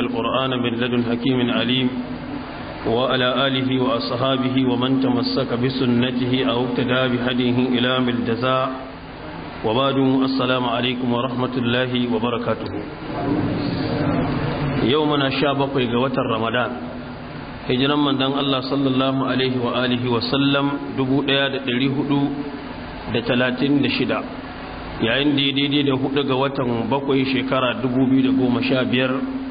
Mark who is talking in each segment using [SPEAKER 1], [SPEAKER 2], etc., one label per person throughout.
[SPEAKER 1] القرآن من لدن حكيم عليم وعلى آله وأصحابه ومن تمسك بسنته أو اقتدى بهديه إلى الجزاء وبعد السلام عليكم ورحمة الله وبركاته يومنا شابق قوة رمضان hijiran mandan Allah sallallahu alaihi wa alihi wa sallam 1436 yayin daidai da hudu ga watan bakwai shekara 2015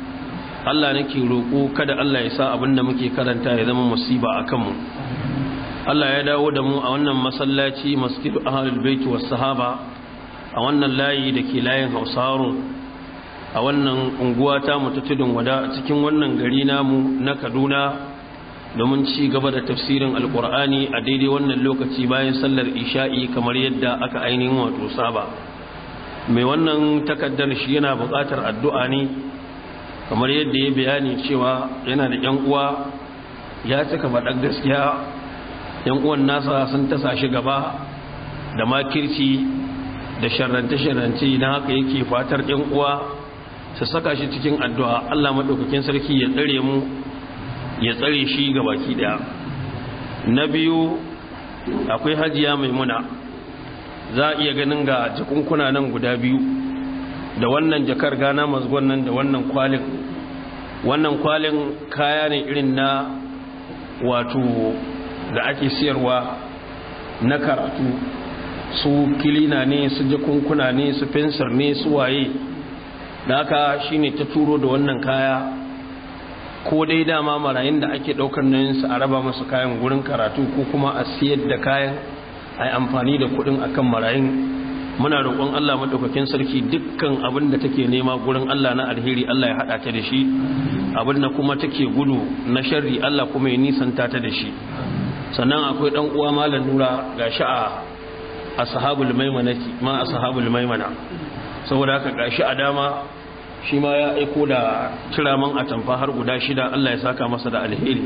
[SPEAKER 1] Allah nake roƙo kada Allah ya sa abin da muke karanta ya zama musiba a kanmu Allah ya dawo da mu a wannan masallaci masjid ahlul bait was sahaba a wannan layi da ke layin hausaro a wannan unguwa ta tudun wada cikin wannan gari namu na Kaduna domin ci gaba da tafsirin alkur'ani a daidai wannan lokaci bayan sallar isha'i kamar yadda aka ainihin wato saba mai wannan takaddar shi yana buƙatar addu'a ne kamar yadda ya bayani cewa yana da yan uwa ya cika faɗar gaskiya yan uwan nasa sun tasa shi gaba da makirci da sharrance-sharrance na haka yake fatar yan uwa su saka shi cikin addu'a Allah maɗaukakin sarki ya tsare mu ya tsare shi ga baki ɗaya na biyu akwai hajiya maimuna za a iya ganin ga jakunkuna nan guda biyu da wannan jakar gana mazgon nan da wannan kwalin wannan kwalin kaya ne irin na wato da ake siyarwa na karatu su kilina ne su jakunkuna ne su fensir ne su waye da aka shi ne ta turo da wannan kaya ko dai dama marayin da ake daukar nauyinsu a raba masu kayan gurin karatu ko kuma a siyar da kayan a yi amfani da kudin akan marayin muna roƙon Allah madaukakin sarki dukkan abin da take nema gurin Allah na alheri Allah ya hada ta da shi abin da kuma take gudu na sharri Allah kuma ya nisanta ta da shi sannan akwai dan uwa malam nura gashi a ashabul maimana ma ashabul maimana saboda haka gashi a dama shi ma ya aiko da kiraman atamfa har guda shida Allah ya saka masa da alheri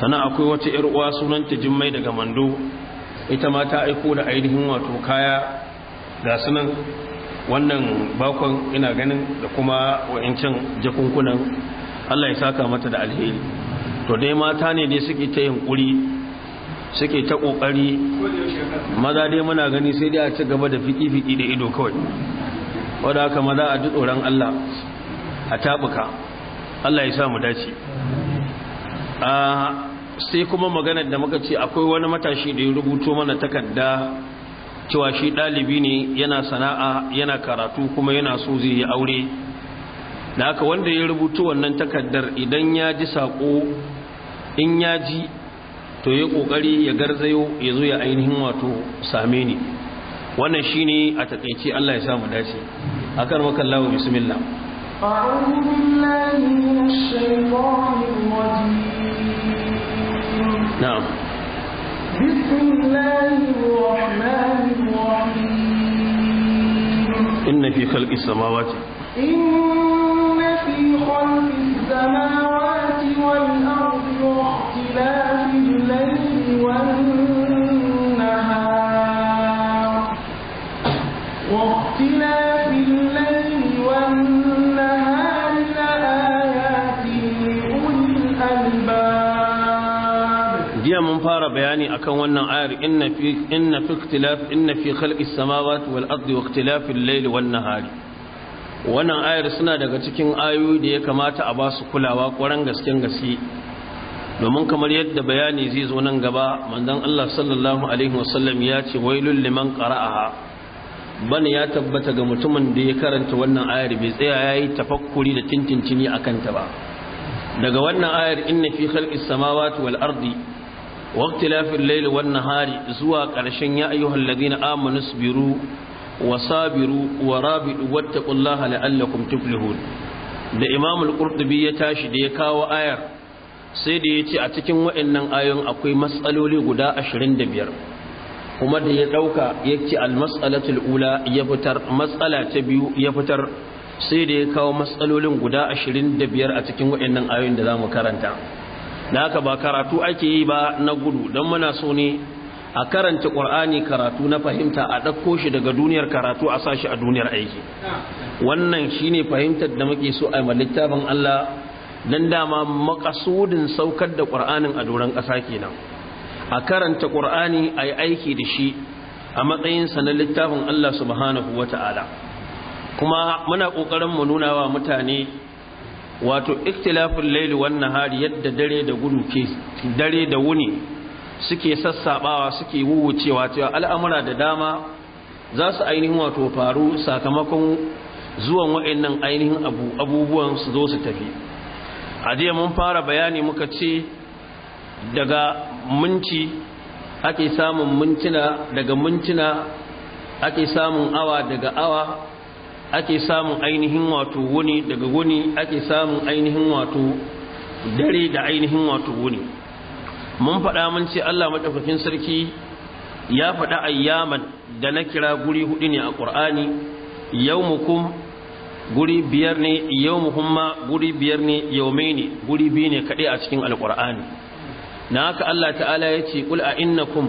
[SPEAKER 1] sannan akwai wata yar uwa sunanta Jummai daga Mando ita ma ta aiko da ainihin wato kaya ga sunan wannan bakon ina ganin da kuma wa'incan jakunkunan Allah ya saka mata da alheri to dai mata ne dai suke ta yunkuri suke ta kokari maza dai muna gani sai dai a ci gaba da fiki-fiki da ido kawai wadda haka maza a ji tsoron Allah a tabuka Allah ya sa mu dace ah, sai kuma maganar da muka ce akwai wani matashi da ya rubuto mana takarda cewa shi ɗalibi ne yana sana'a yana karatu kuma yana so zai yi aure da haka wanda ya rubuta wannan takardar idan ya ji saƙo in ya ji to ya ƙoƙari ya garzayo ya zo ya ainihin wato same ni wannan shi ne a taƙaice Allah ya samu dace a kan makallawa bismillah إن في خلق السماوات
[SPEAKER 2] إن في خلق السماوات والأرض
[SPEAKER 1] akan wannan ayar inna fi inna fi ikhtilaf inna fi samawati wal ardi wa layli wan nahari wannan ayar suna daga cikin ayoyi da ya kamata a ba su kulawa ƙwaran gasken gaske domin kamar yadda bayani zai zo nan gaba manzon Allah sallallahu alaihi wasallam ya ce wailul liman qara'aha bane ya tabbata ga mutumin da ya karanta wannan ayar bai tsaya yayi tafakkuri da tintintini akan ta ba daga wannan ayar inna fi khalqis samawati wal ardi واختلاف الليل والنهار زوا قرشن يا ايها الذين امنوا اصبروا وصابروا ورابطوا واتقوا الله لعلكم تفلحون da Imam al-Qurtubi ya tashi da ya kawo ayar sai da yace a cikin wayannan ayoyin akwai matsaloli guda 25 kuma da ya dauka yace al-mas'alatul ula ya fitar matsala ta biyu ya fitar sai da ya kawo matsalolin guda 25 a cikin wayannan ayoyin da zamu karanta Da haka ba karatu ake yi ba na gudu don muna so ne a karanta ƙwar'ani karatu na fahimta a ɗakko shi daga duniyar karatu a sashi a duniyar aiki wannan shi ne fahimtar da muke so a littafin Allah nan dama makasudin saukar da ƙwar'anin a doron ƙasa kenan a karanta ƙwar'ani a yi aiki da shi a matsayinsa na littafin Allah subhanahu wa ta'ala kuma muna ƙoƙarin mu nuna wa mutane wato ikhtilafin laili wan nahari yadda dare da gudu ke dare da wuni suke sassabawa suke wuwucewa cewa al'amura da dama za su ainihin wato faru sakamakon zuwan wa'annan ainihin abubuwan su zo su tafi a jiya mun fara bayani muka ce daga minci ake samun mintuna daga mintuna ake samun awa daga awa ake samun ainihin wato wuni daga wuni ake samun ainihin wato dare da ainihin wato wuni mun faɗa mun ce Allah madaukakin sarki ya faɗa ayyaman da na kira guri hudu ne a Qur'ani yawmukum guri biyar ne yawmuhum ma guri biyar ne ne guri biyu ne kaɗai a cikin alƙur'ani. na haka Allah ta'ala ya ce kul a innakum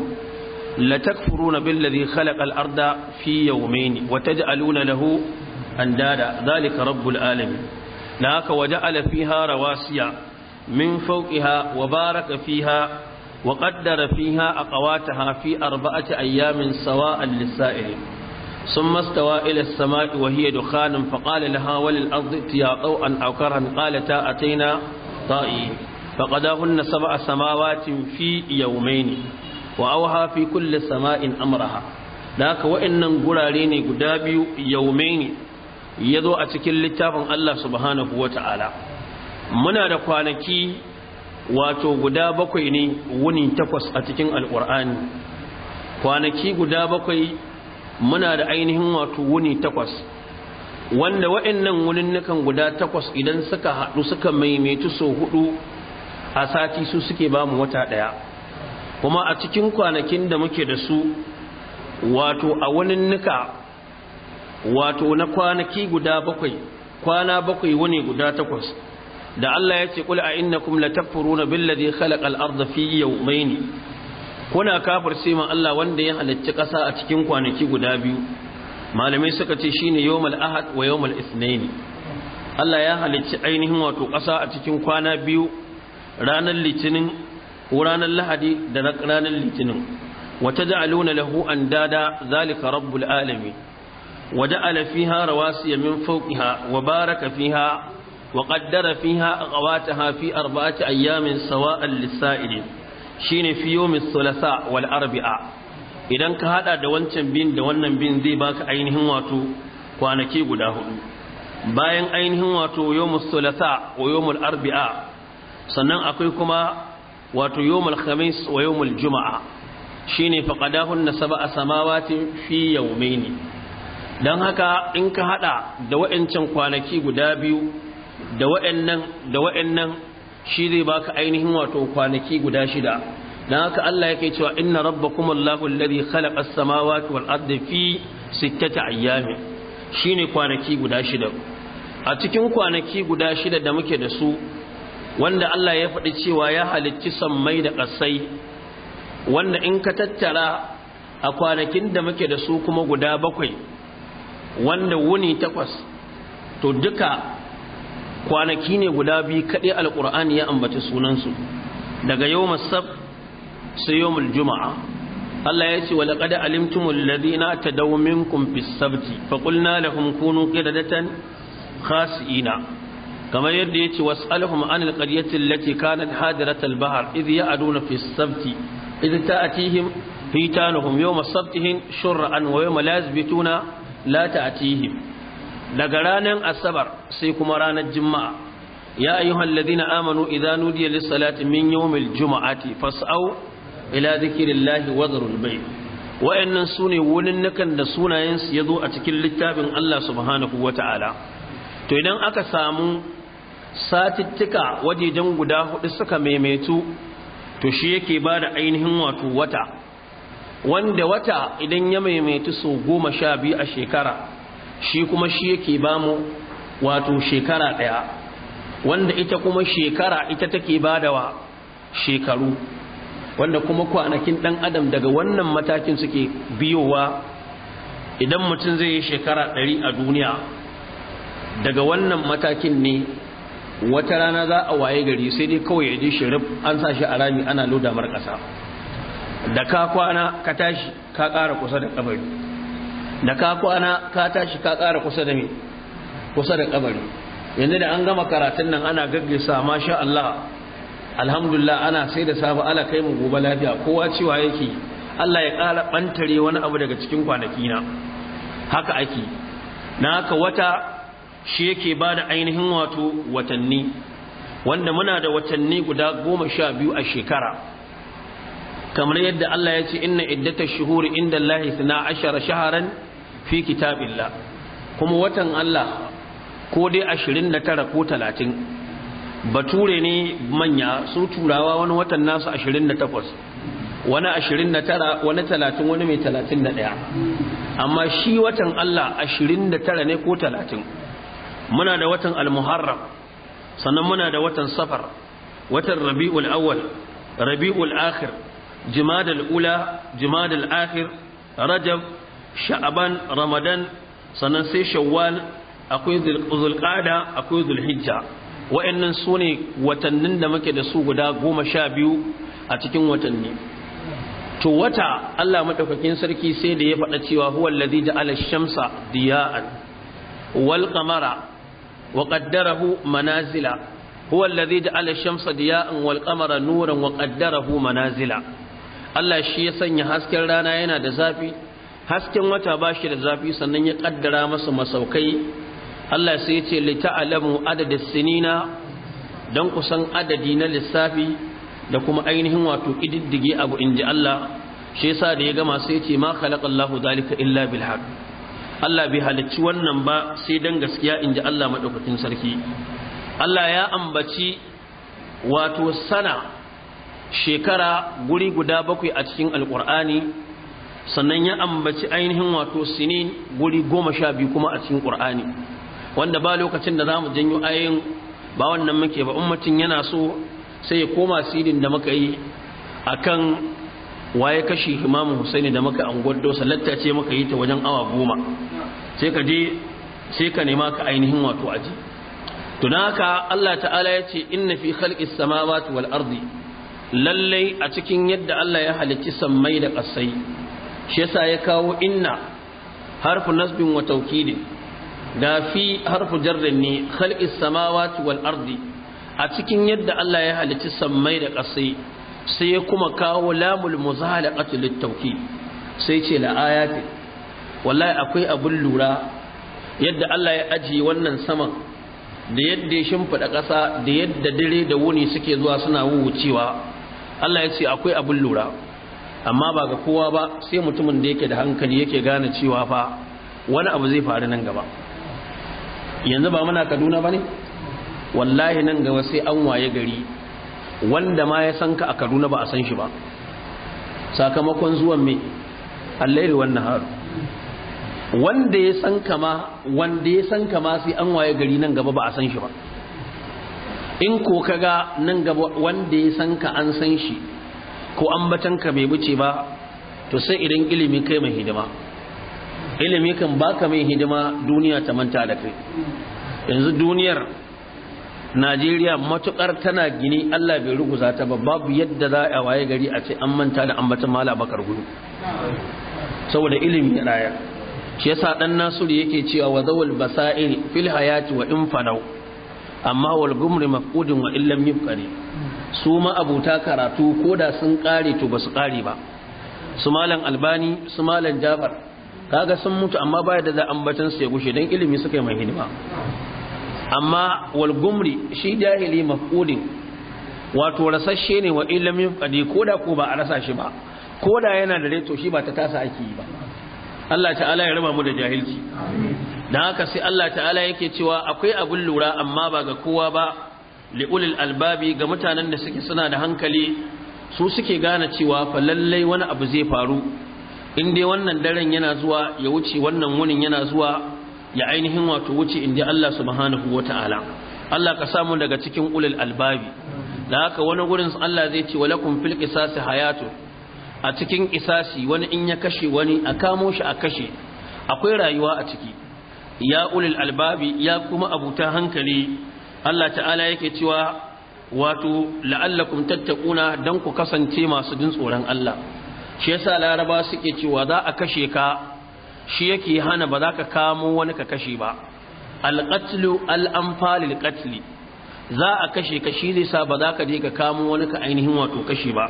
[SPEAKER 1] latakfuruna billadhi khalaqa al-arda fi yawmaini wa taj'aluna lahu andada zalika rabbul alamin na haka waja'ala fiha rawasiya min fawqiha wa baraka fiha wa qaddara fiha aqwataha fi arba'ati ayamin sawa'an lis-sa'il ثم استوى إلى السماء وهي دخان فقال لها وللأرض اتيا طوءا أو كرها قالتا أتينا طائعين فقداهن سبع سماوات في يومين وأوها في كل سماء أمرها ذاك وإن قرارين قدابي يومين ya zo a cikin littafin Allah subhanahu wa ta'ala muna da kwanaki wato guda bakwai ne wuni takwas a cikin al'ur'ani kwanaki guda bakwai muna da ainihin wato wuni takwas wanda wa'annan wuninnukan guda takwas idan suka haɗu suka maimaitu sau hudu a sati su suke ba mu wata ɗaya kuma a cikin kwanakin da muke da su wato a nuka wato na kwanaki guda bakwai kwana bakwai wani guda takwas da Allah ya ce kul a innakum latakfuruna billadhi khalaqa al-ardha fi yawmayn kuna kafirce ma Allah wanda ya halicci ƙasa a cikin kwanaki guda biyu malamai suka ce shine yawmal ahad wa yawmal ithnain Allah ya halicci ainihin wato ƙasa a cikin kwana biyu ranar litinin ko ranar lahadi da ranar litinin wa taj'aluna lahu andada zalika rabbul alamin وجعل فيها رواسي من فوقها وبارك فيها وقدر فيها أقواتها في أربعة أيام سواء للسائل شين في يوم الثلاثاء والأربعاء idan ka haɗa da wancan bin da wannan bin zai baka ainihin wato kwanaki guda hudu bayan ainihin wato yawmul thulatha wa yawmul arbi'a sannan akwai kuma wato yawmul khamis wa yawmul juma'a shine faqadahunna sab'a samawati fi don haka in ka hada da wa'ancan kwanaki guda biyu da wa'annan da wa'annan shi zai baka ainihin wato kwanaki guda shida don haka Allah yake cewa inna Rabba Allahu alladhi khalaqa as-samawati wal ardi fi sittati shi shine kwanaki guda shida a cikin kwanaki guda shida da muke da su wanda Allah ya faɗi cewa ya halicci sammai da ƙasai wanda in ka tattara a kwanakin da muke da su kuma guda bakwai wanda wuni takwas to duka kwanaki ne guda biyu kaɗai alƙur'ani ya ambaci sunansu daga yau masab sai yau juma'a Allah ya ce wa laƙad alimtumul ladina tadaw minkum fis sabti fa da lahum kunu qidadatan khasi'ina kamar yadda ya ce wasalhum anil qaryatin lati kanat hadiratal bahr idh ya'duna fi sabti idh ta'atihim hitanuhum yawma sabtihim shur'an wa yawma la la ta'tihim daga ranar asabar sai kuma ranar juma'a ya ayyuhal ladina amanu idza nudiya lis salati min yawmil juma'ati fas'au ila dhikrillahi wadharul bay' wa'annan sune wulinnukan da sunayen su yazo a cikin littafin Allah subhanahu wata'ala to idan aka samu satittika wajejan guda hudu suka maimaitu to shi yake bada ainihin wato wata wanda wata idan ya maimaitu so goma sha biyu a shekara shi kuma shi yake ba mu wato shekara ɗaya wanda ita kuma shekara ita take ba da wa shekaru wanda kuma kwanakin ɗan adam daga wannan matakin suke biyowa idan mutum zai yi shekara ɗari a duniya daga wannan matakin ne wata rana za a waye gari sai dai kawai ya ji shirif an sa shi a rami ana loda mar ƙasa da ka kwana ka tashi ka ƙara kusa da kabari da ka kwana ka tashi ka ƙara kusa da mai kusa da ƙabari yanzu da an gama karatun nan ana gaggisa masha Allah alhamdulillah ana sai da sabu ala kai mu gobe lafiya kowa cewa yake Allah ya ƙara bantare wani abu daga cikin kwanaki na haka ake na haka wata shi yake ba da ainihin wato watanni wanda muna da watanni guda goma sha biyu a shekara kamar yadda Allah ya ce inna iddatash shuhuri inda Allah suna ashara shaharan fi kitabillah kuma watan Allah ko dai ashirin da tara ko talatin bature ne manya su turawa wani watan nasu ashirin da takwas wani ashirin da tara wani talatin wani mai talatin da ɗaya amma shi watan Allah ashirin da tara ne ko talatin muna da watan almuharram sannan muna da watan safar watan rabi'ul awwal rabi'ul akhir جماد الأولى جماد الآخر رجب شعبان رمضان سننسي شوال akwai zulƙada akwai zulhijja wa'annan su ne watannin da muke da su guda goma sha biyu a cikin watanni to wata Allah maɗaukakin sarki sai da ya faɗa cewa huwa allazi ja'ala shamsa diya'an wal qamara wa manazila manazila Allah shi ya sanya hasken rana yana da zafi hasken wata ba shi da zafi sannan ya kaddara masa masaukai Allah sai ya ce ta'lamu adadis sinina dan kusan adadi na lissafi da kuma ainihin wato kididdige abu inji Allah shi yasa da ya gama sai ya ce ma khalaqallahu zalika illa bil haqq Allah bai halicci wannan ba sai dan gaskiya inji Allah madaukakin sarki Allah ya ambaci wato sana shekara guri guda bakwai a cikin alƙur'ani sannan ya ambaci ainihin wato sinin guri goma sha biyu kuma a cikin ƙur'ani wanda ba lokacin da za mu janyo ayin ba wannan muke ba ummatin yana so sai ya koma sirin da muka yi a kan waye kashi imamu husaini da muka an gwado salatta ce muka yi ta wajen awa goma sai ka je ka nema ka ainihin wato aji tunaka Allah ta'ala ya ce inna fi khalqis samawati wal ardi lallai a cikin yadda Allah ya halicci sammai da ƙasai shi yasa ya kawo inna harfu nasbin wa taukidin da fi harfu jarrin ne khalqis samawati wal ardi a cikin yadda Allah ya halicci sammai da ƙasai sai ya kuma kawo lamul muzalaqatu lit tawkid sai ce la ayati wallahi akwai abun lura yadda Allah ya ajiye wannan saman da yadda ya shimfiɗa ƙasa da yadda dare da wuni suke zuwa suna wuwucewa Allah ya ce akwai abin lura amma ba ga kowa ba sai mutumin da yake da hankali yake gane cewa fa wani abu zai faru nan gaba yanzu ba muna kaduna ba ne wallahi nan gaba sai an waye gari wanda ma ya san ka a kaduna ba a san shi ba sakamakon zuwan mai allairi wannan haru wanda ya san ma wanda ya san ma sai an waye gari nan gaba ba a san shi ba in ko kaga nan gaba wanda ya san ka an san shi ko ambatan ka bai wuce ba to sai idan ilimi kai mai hidima ilimi kan baka mai hidima duniya ta manta da kai yanzu duniyar najeriya matukar tana gini allah bai ruguza ta ba babu yadda za a waye gari a ce an manta da ambatan mala bakar gudu saboda ilimi ya raya shi yasa dan nasiru yake cewa wa zawal basair fil hayati wa in fanau amma walgumri gumri mafqudun wa illam yubqari su ma abuta karatu koda sun kare to basu kare ba su malan albani su malan jabar kaga sun mutu amma baya da za ambatan su ya gushe dan ilimi suka yi mai hidima amma walgumri gumri shi jahili mafqudin wato rasasshe ne wa illam ko koda ko ba a rasa shi ba koda yana da reto shi ba ta tasa ake yi ba Allah ta'ala ya raba mu da jahilci amin Da haka sai Allah ta'ala yake cewa akwai abin lura amma ba ga kowa ba li'ulil albabi ga mutanen da suke suna da hankali su suke gane cewa fa lallai wani abu zai faru in dai wannan daren yana zuwa ya wuce wannan wunin yana zuwa ya ainihin wato wuce in dai Allah subhanahu wata'ala Allah ka samu daga cikin ulil albabi da haka wani gurin Allah zai ce walakum fil qisasi hayatu a cikin qisasi wani in ya kashe wani a kamo shi a kashe akwai rayuwa a ciki ya ulil albabi ya kuma abuta hankali Allah ta'ala yake cewa wato la'allakum tattaquna dan ku kasance masu jin tsoron Allah shi yasa laraba suke cewa za a kashe ka shi yake hana ba za ka kamo wani ka kashe ba alqatlu al'amfalil qatli za a kashe ka shi zai sa ba za ka je ka kamo wani ka ainihin wato kashe ba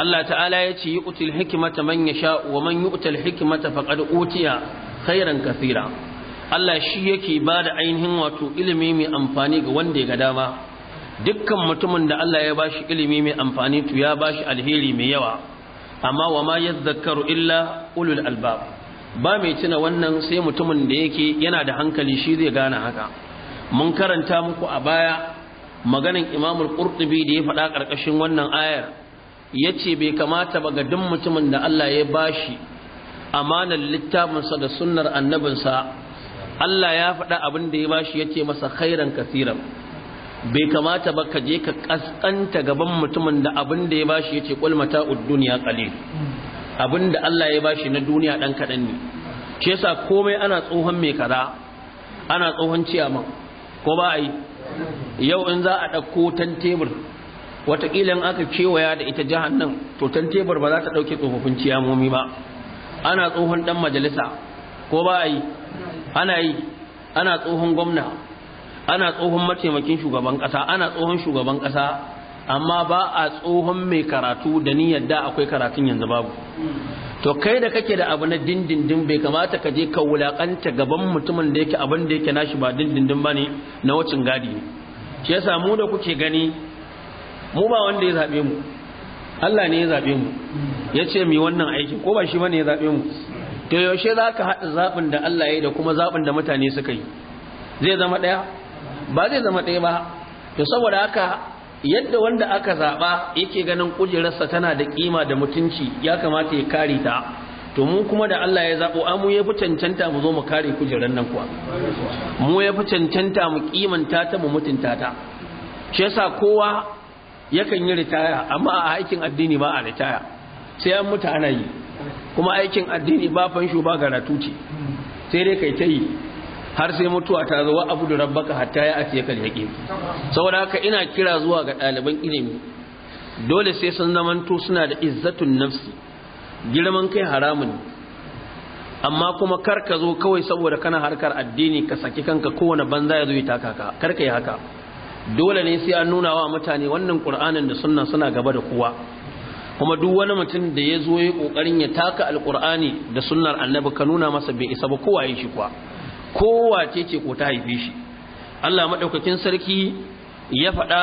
[SPEAKER 1] Allah ta'ala ya ce yu'til hikmata man yasha wa man yu'tal hikmata faqad utiya khairan kathira Allah shi yake ba da ainihin wato ilimi mai amfani ga wanda ya ga dama dukkan mutumin da Allah ya bashi ilimi mai amfani to ya bashi alheri mai yawa amma wa ma yadhakkaru illa ulul albab ba mai tuna wannan sai mutumin da yake yana da hankali shi zai gane haka mun karanta muku a baya maganin al qurtubi da ya faɗa ƙarƙashin wannan ayar yace bai kamata ba ga duk mutumin da Allah ya bashi amanar littafinsa da sunnar annabinsa Allah ya faɗa abin da ya bashi yace masa khairan kasira bai kamata ba ka je ka kaskanta gaban mutumin da abin da ya bashi yace qul mata'ud duniya qalil abin da Allah ya bashi na duniya dan kadan ne shi yasa komai ana tsohon mai kaza ana tsohon ciyaman ko ba ai yau in za a ɗauko tan tebur wataƙila in aka kewaya da ita nan to tan tebur ba za ta ɗauke tsofaffin ciyamomi ba ana tsohon ɗan majalisa ko ba a ana yi ana tsohon gwamna ana tsohon mataimakin shugaban kasa ana tsohon shugaban kasa amma ba a tsohon mai karatu da ni yadda akwai karatun yanzu babu to kai da kake da abu na dindindin bai kamata ka je ka wulakanta gaban mutumin da yake abin da yake nashi ba dindindin ba ne na wucin gadi ne shi yasa mu da kuke gani mu ba wanda ya zabe mu Allah ne ya zabe mu ya ce mi wannan aikin ko ba shi bane ne ya zabe mu to yaushe za ka haɗa zaɓin da Allah ya yi da kuma zaɓin da mutane suka yi zai zama ɗaya ba zai zama ɗaya ba to saboda haka yadda wanda aka zaɓa yake ganin kujerarsa tana da ƙima da mutunci ya kamata ya kare ta to mu kuma da Allah ya zaɓo a mu ya fi cancanta mu zo mu kare kujerar nan kuwa mu ya fi cancanta mu ƙimanta ta mu mutunta ta shi yasa kowa yakan yi ritaya amma a aikin addini ba a ritaya sai an mutu ana yi kuma aikin addini ba fansho ba garatu ce sai dai kai ta har sai mutuwa ta zo wa abu da rabbaka hatta ya ake kan yaƙi saboda haka ina kira zuwa ga ɗaliban ilimi dole sai sun zamanto suna da izzatun nafsi girman kai haramun amma kuma kar ka zo kawai saboda kana harkar addini ka saki kanka kowane banza ya zo ya taka ka kar ka yi haka dole ne sai an nuna wa mutane wannan qur'anin da sunna suna gaba da kowa kuma duk wani mutum da ya zo ya kokarin ya taka alkur'ani da sunnar annabi ka nuna masa bai isa ba kowa ya shi kuwa kowa ce ce ko ta haife shi Allah madaukakin sarki ya faɗa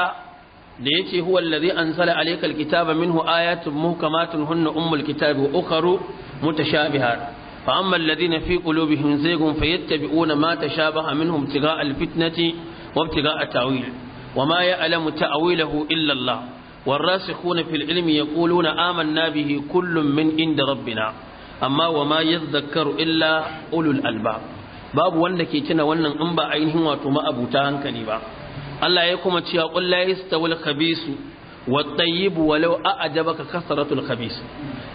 [SPEAKER 1] da yace huwa allazi anzala alaykal kitaba minhu ayatun muhkamatun hunna ummul kitabi wa ukharu mutashabihat fa amma alladhina fi qulubihim zaygun fayattabi'una ma tashabaha minhum tigaa alfitnati wa ibtigaa tawil wa ma ya'lamu ta'wilahu illa Allah ko na والراسخون في العلم na آمنا به كل من عند ربنا amma wa ma yadhakkaru illa ulul alba. babu wanda ke tuna wannan in ba ainihin wato ma abuta hankali ba Allah ya kuma cewa qul la yastawil khabisu wat tayyibu walau a'jabaka kasratul khabis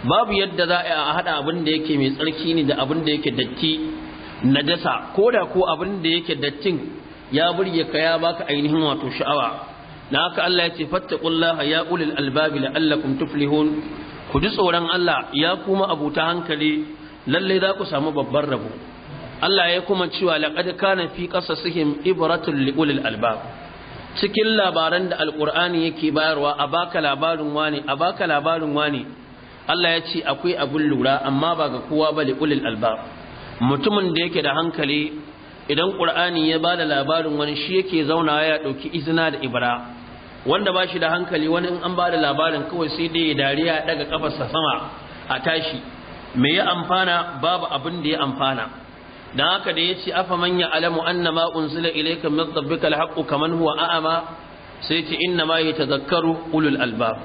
[SPEAKER 1] babu yadda za a hada abin da yake mai tsarki ne da abin da yake datti najasa koda ko abinda da yake dattin ya burge ka ya baka ainihin wato sha'awa na haka Allah ya ce fattaqullaha ya ulil albabi la'allakum tuflihun ku ji tsoron Allah ya kuma abuta hankali lalle za ku samu babban rabo Allah ya kuma cewa laqad kana fi qasasihim ibratun li ulil albab cikin labaran da alqur'ani yake bayarwa a baka labarin wani a baka labarin wani Allah ya ce akwai abun lura amma ba ga kowa ba li ulil albab mutumin da yake da hankali idan ƙur'ani ya ba da labarin wani shi yake zauna ya ɗauki izina da ibra wanda ba shi da hankali wani in an ba da labarin kawai sai dai ya dariya ya daga kafarsa sama a tashi me ya amfana babu abin da ya amfana dan haka da yace afa manya alamu annama, unzila ilayka min rabbika alhaqu kaman huwa a'ama sai yace inna ma ulul albab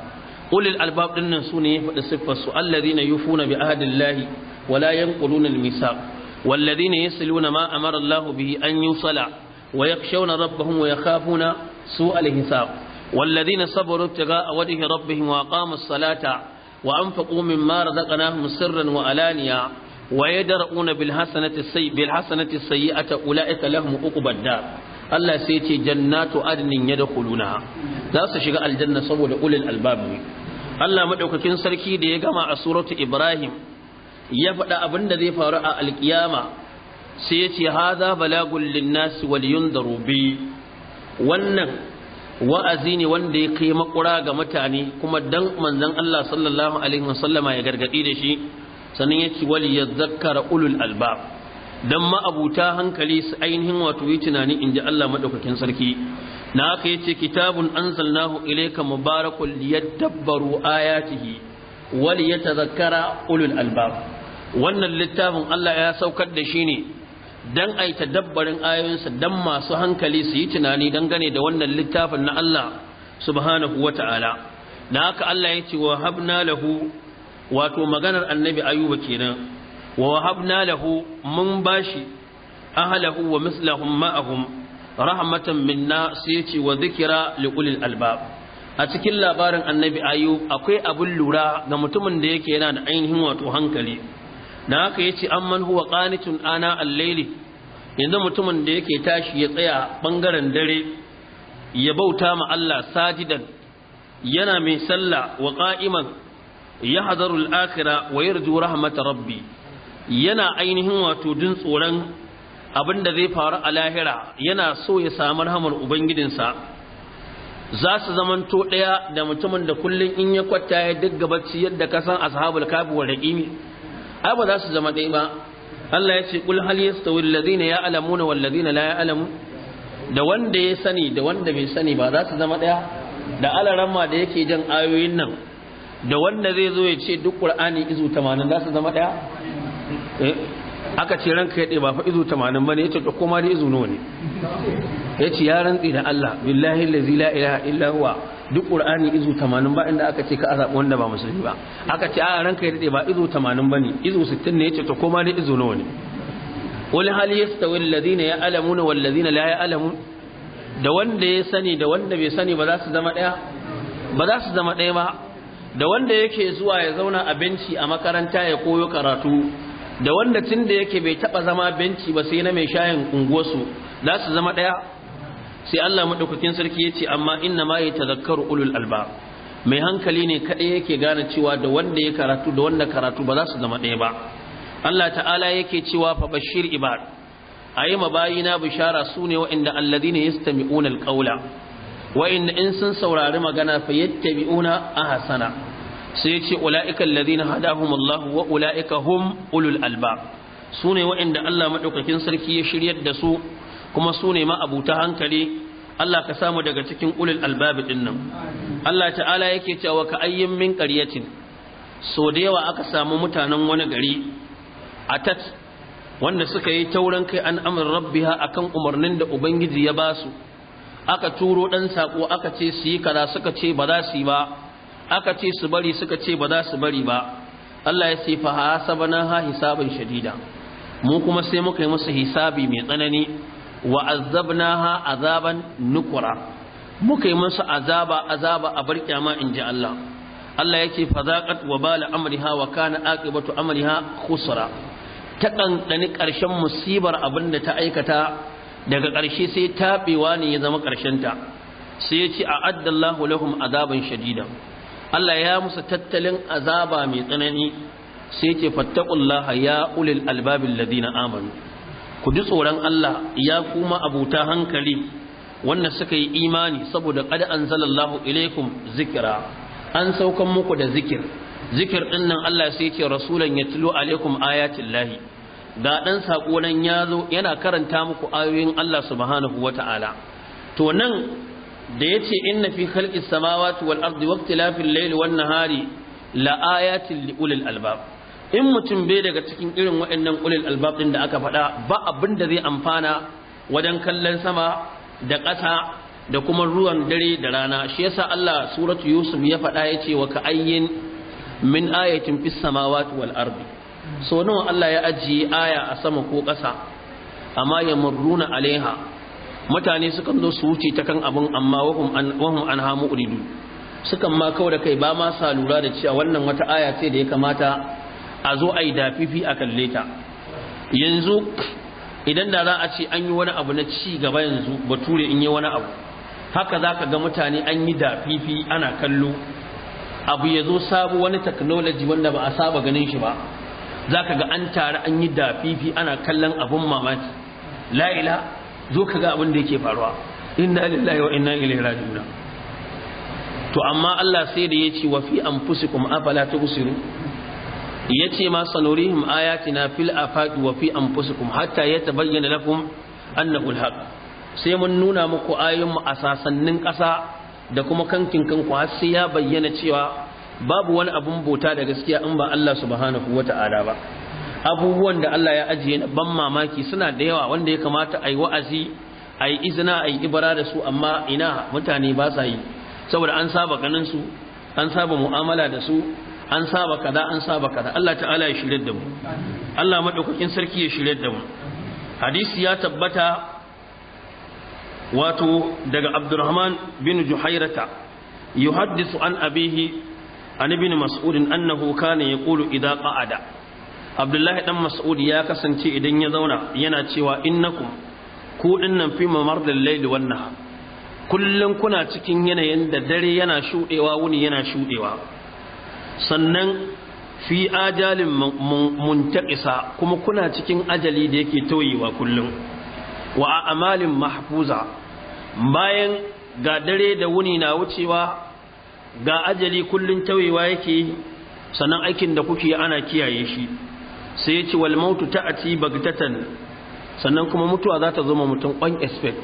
[SPEAKER 1] ulul albab din nan sune ya faɗi siffar su alladhina yufuna bi ahdillahi wa la yanquluna almisaq walladhina yasluna ma amara bihi an yusala wa yakhshawna rabbahum wa yakhafuna su'al hisab والذين صبروا ابتغاء وجه ربهم وأقاموا الصلاة وأنفقوا مما رزقناهم سرا وألانيا ويدرؤون بالحسنة السيئة بالحسنة السيئة أولئك لهم عقبى الدار Allah sai ce jannatu adnin yadkhuluna za su shiga aljanna saboda ulul albab Allah maɗaukacin sarki da ya gama a suratu Ibrahim ya faɗa abin da zai faru a alkiyama sai ya ce hadha balagul linnas wal yundaru wannan wa'azi ne wanda ya kai makura ga mutane kuma dan manzon Allah sallallahu alaihi wasallama ya gargadi da shi sannan yake wali zakkara ulul albab dan ma'abuta hankali su ainihin wato yi tunani inji Allah madaukakin sarki na haka yace kitabun anzalnahu ilayka mubarakul liyadabbaru ayatihi wali yatazakkara ulul albab wannan littafin Allah ya saukar da shi ne dan ai dabbarin ayoyinsa dan masu hankali su yi tunani dangane da wannan littafin na Allah subhanahu wata'ala na haka Allah ya ce wa habna lahu wato maganar annabi ayuba kenan wa wahabna lahu mun bashi ahlahu wa mislahum ma'ahum rahmatan minna sai ya ce wa zikira liqulil albab a cikin labarin annabi ayub akwai abun lura ga mutumin da yake yana da ainihin wato hankali na haka ya ce an huwa qanitun ana al yanzu mutumin da yake tashi ya tsaya ɓangaren dare ya bauta ma Allah sajidan yana mai sallah wa ƙa'iman, ya al-akhirah wa yarju rahmat rabbi yana ainihin wato dun tsoron abin da zai faru a lahira yana so ya samu rahamar ubangidinsa za su zamanto ɗaya da mutumin da kullum in ya kwata ya duk gabaci yadda kasan ashabul kafi wa raƙimi ai ba za su zama ɗaya ba Allah ya ce kul hal yastawi alladhina ya'lamuna wal ladina la ya'lamun da wanda ya sani da wanda bai sani ba za su zama ɗaya da alaramma da yake jan ayoyin nan da wanda zai zo ya ce duk qur'ani izu 80 za su zama ɗaya eh, aka ce ranka ya ba fa izu 80 bane yace to kuma da izu nawa ne yace ya rantsi da Allah billahi allazi la ilaha illa huwa duk qur'ani izu 80 ba inda aka ce ka azaɓi wanda ba musulmi ba aka ce a ranka ya dade ba izu 80 bane izu 60 ne yace to koma ne izu nawa ne wal hal yastawi alladhina ya'lamuna wal ladina la ya'lamun da wanda ya sani da wanda bai sani ba za su zama daya ba za su zama daya ba da wanda yake zuwa ya zauna a benci a makaranta ya koyo karatu da wanda tun da yake bai taba zama benci ba sai na mai shayin unguwarsu za su zama daya sai Allah madaukakin sarki ya ce amma inna ma yatadhakkaru ulul alba mai hankali ne kadai yake gane cewa da wanda ya karatu da wanda karatu ba za su zama ɗaya ba Allah ta'ala yake cewa fa bashir ibad ayi mabayina bishara sune wa'inda alladhina yastami'una alqawla wa'inda in sun saurari magana fa yattabi'una ahsana sai ya ce ula'ika alladhina hadahumullahu wa ula'ika hum ulul albab sune wa'inda Allah madaukakin sarki ya shiryar da su kuma su ne ma abuta hankali Allah ka samu daga cikin ulil albabi din nan Allah ta'ala yake cewa ka ayyin min qaryatin so da yawa aka samu mutanen wani gari atat wanda suka yi tauran kai an amr rabbiha akan umarnin da ubangiji ya ba su, aka turo dan sako aka ce su yi kaza suka ce ba za su yi ba aka ce su bari suka ce ba za su bari ba Allah ya ce fa hasabana ha hisabin shadida mu kuma sai muka yi musu hisabi mai tsanani wa ha azaban nukura muka yi musu azaba azaba a bar kyama in ji Allah Allah yake fazaqat wa bala amriha wa kana aqibatu amriha khusra ta kankani karshen musibar abin da ta aikata daga karshe sai tabewa ne ya zama karshen ta sai ya ce a'adda Allahu lahum azaban shadida Allah ya musu tattalin azaba mai tsanani sai ya ce fattaqullaha ya ulil albabil ladina amanu ku ji tsoron Allah ya kuma abuta hankali wanda suka yi imani saboda qad anzalallahu ilaikum zikra an saukan muku da zikir zikir din nan Allah sai yake rasulan yatlu alaikum ayatin lahi ga dan sako nan zo yana karanta muku ayoyin Allah subhanahu wataala to nan da yace inna fi khalqis samawati wal ardi waqtilafil layli wan nahari la ayatin li ulil albab in mutum bai daga cikin irin waɗannan ƙulil albabin da aka faɗa ba abin da zai amfana wajen kallon sama da ƙasa da kuma ruwan dare da rana shi yasa Allah suratu Yusuf ya faɗa ya ce wa ka'ayyin min ayatin fis samawati wal ardi so nawa Allah ya ajiye aya a sama ko ƙasa amma ya murruna alaiha mutane sukan zo su wuce ta kan abun amma wahum an wahum an hamu uridu sukan ma kawai da kai ba ma sa lura da cewa wannan wata aya ce da ya kamata a zo a yi dafifi a kalle ta yanzu idan da za a ce an yi wani abu na ci gaba yanzu bature in yi wani abu haka za ka ga mutane an yi dafifi ana kallo abu ya zo sabu wani technology wanda ba a saba ganin shi ba za ka ga an tare an yi dafifi ana kallon abun mamaki la'ila zo ka ga abin da yake faruwa inna lillahi wa inna ilaihi raji'un to amma Allah sai da ya ce wa fi anfusikum afala tubsirun yace ma sanurihim ayatina fil afaqi wa fi anfusikum hatta yatabayyana lakum annahu alhaq sai mun nuna muku ayoyin mu a kasa ƙasa da kuma kankin kanku har sai ya bayyana cewa babu wani abun bota da gaskiya in ba Allah subhanahu wata'ala ba abubuwan da Allah ya ajiye na ban mamaki suna da yawa wanda ya kamata a yi wa'azi a yi izina a yi ibara da su amma ina mutane ba sa yi saboda an saba ganin su an saba mu'amala da su an saba kada an saba kada. Allah ta'ala ya shirye da mu Allah madaukakin sarki ya shirye da mu hadisi ya tabbata wato daga Abdurrahman bin Juhairata yuhaddisu an abihi an ibn Mas'ud annahu kana yaqulu idza qa'ada Abdullahi dan Mas'ud ya kasance idan ya zauna yana cewa innakum ku dinnan fi mamardil layli wan nahar kullun kuna cikin yanayin da dare yana shudewa wuni yana shudewa sannan fi ajalin muntaƙisa kuma kuna cikin ajali da yake toyewa kullum wa amalin mahfuza bayan ga dare da wuni na wucewa ga ajali kullum tawewa yake sannan aikin da kuke ana kiyaye shi sai ya ce wal mautu ta'ati bagtatan sannan kuma mutuwa za ta zo ma mutum on expect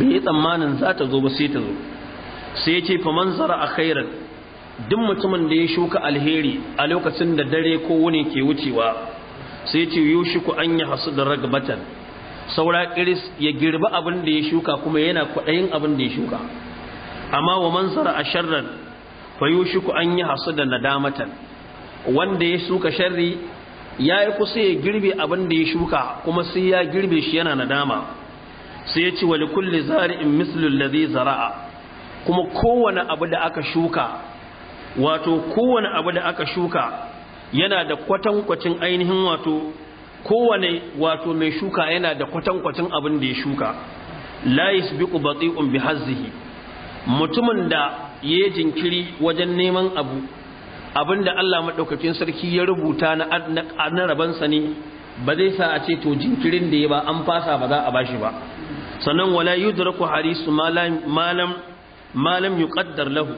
[SPEAKER 1] bai tsammanin za ta zo ba sai ta zo sai ya ce fa manzara a duk mutumin da ya shuka alheri a lokacin da dare ko wuni ke wucewa sai ce ku an yi hasu da ragbatan saura iris ya girbi abin da ya shuka kuma yana kwaɗayin abin da ya shuka amma wa mansara a sharran fa ku an yi hasu da nadamatan wanda ya shuka sharri ya yi kusa ya girbe abin da ya shuka kuma sai ya girbe shi yana nadama sai ya ce wa zari zari'in mislul ladhi zara'a kuma kowane abu da aka shuka wato kowane abu da aka shuka yana da kwatankwacin ainihin wato kowane wato mai shuka yana da kwatankwacin abin da ya shuka layis bi bati'un bi hazihi. mutumin da ya yi jinkiri wajen neman abu abin da Allah maɗaukakin sarki ya rubuta na rabansa ne ba zai sa a ce to jinkirin da ya ba an fasa ba za a bashi ba sannan wala yudraku harisu malam malam malam yuqaddar lahu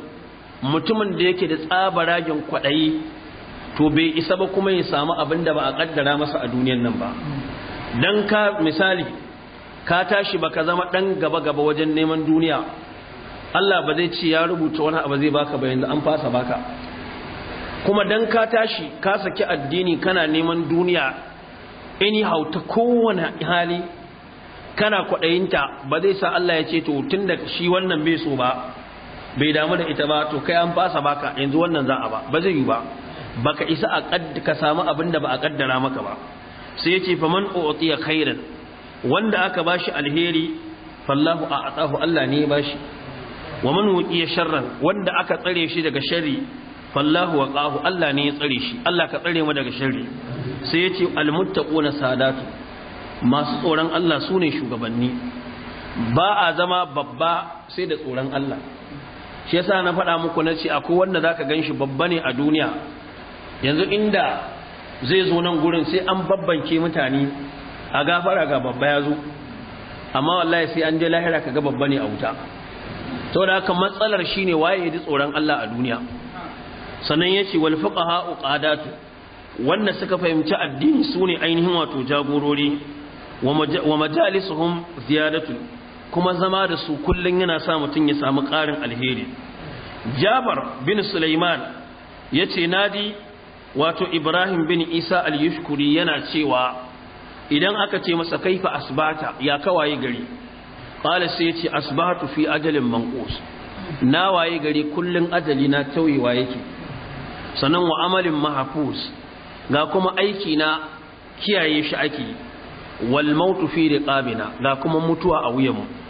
[SPEAKER 1] mutumin da yake da tsabaragen kwaɗayi to bai isa ba kuma ya samu abin da ba a ƙaddara masa a duniyan nan ba don ka misali ka tashi baka zama dan gaba-gaba wajen neman duniya Allah ba zai ce ya rubuta wani abu zai baka ba yanzu an fasa baka kuma dan ka tashi ka saki addini kana neman duniya anyhow ta kowane hali kana kwaɗayinta ba zai sa Allah ya ce to tunda shi wannan bai so ba bai damu da ita ba to kai an fasa baka yanzu wannan za a ba ba zai yi ba baka isa a ka samu abin da ba a kaddara maka ba sai yace man utiya khairan wanda aka bashi alheri fallahu a'tahu Allah ne ya bashi wa man utiya sharran wanda aka tsare shi daga sharri fallahu qahu Allah ne ya tsare shi Allah ka tsare mu daga sharri sai yace muttaquna sadatu masu tsoron Allah sune shugabanni ba a zama babba sai da tsoron Allah shi yasa na faɗa muku na ce akwai wanda zaka ganshi babba ne a duniya yanzu inda zai zo nan gurin sai an babbanke mutane a gafara ga babba ya zo amma wallahi sai an je lahira kaga babba ne a wuta da haka matsalar shine waye ya ji tsoron Allah a duniya sannan yace wal fuqaha uqadatu wanda suka fahimci addini sune ainihin wato jagorori wa majalisuhum ziyadatu kuma zama da su kullum yana sa mutum ya samu ƙarin alheri jabar bin sulaiman ya ce nadi wato ibrahim bin isa al-yushkuri yana cewa idan aka ce masa kaifa asbata ya kawaye gari ƙala sai ya ce asbatu fi ajalin manƙus na waye gari kullum ajali na tauyewa yake sannan wa amalin ga kuma aiki na kiyaye shi ake wal tufi fi riqabina ga kuma mutuwa a wuyanmu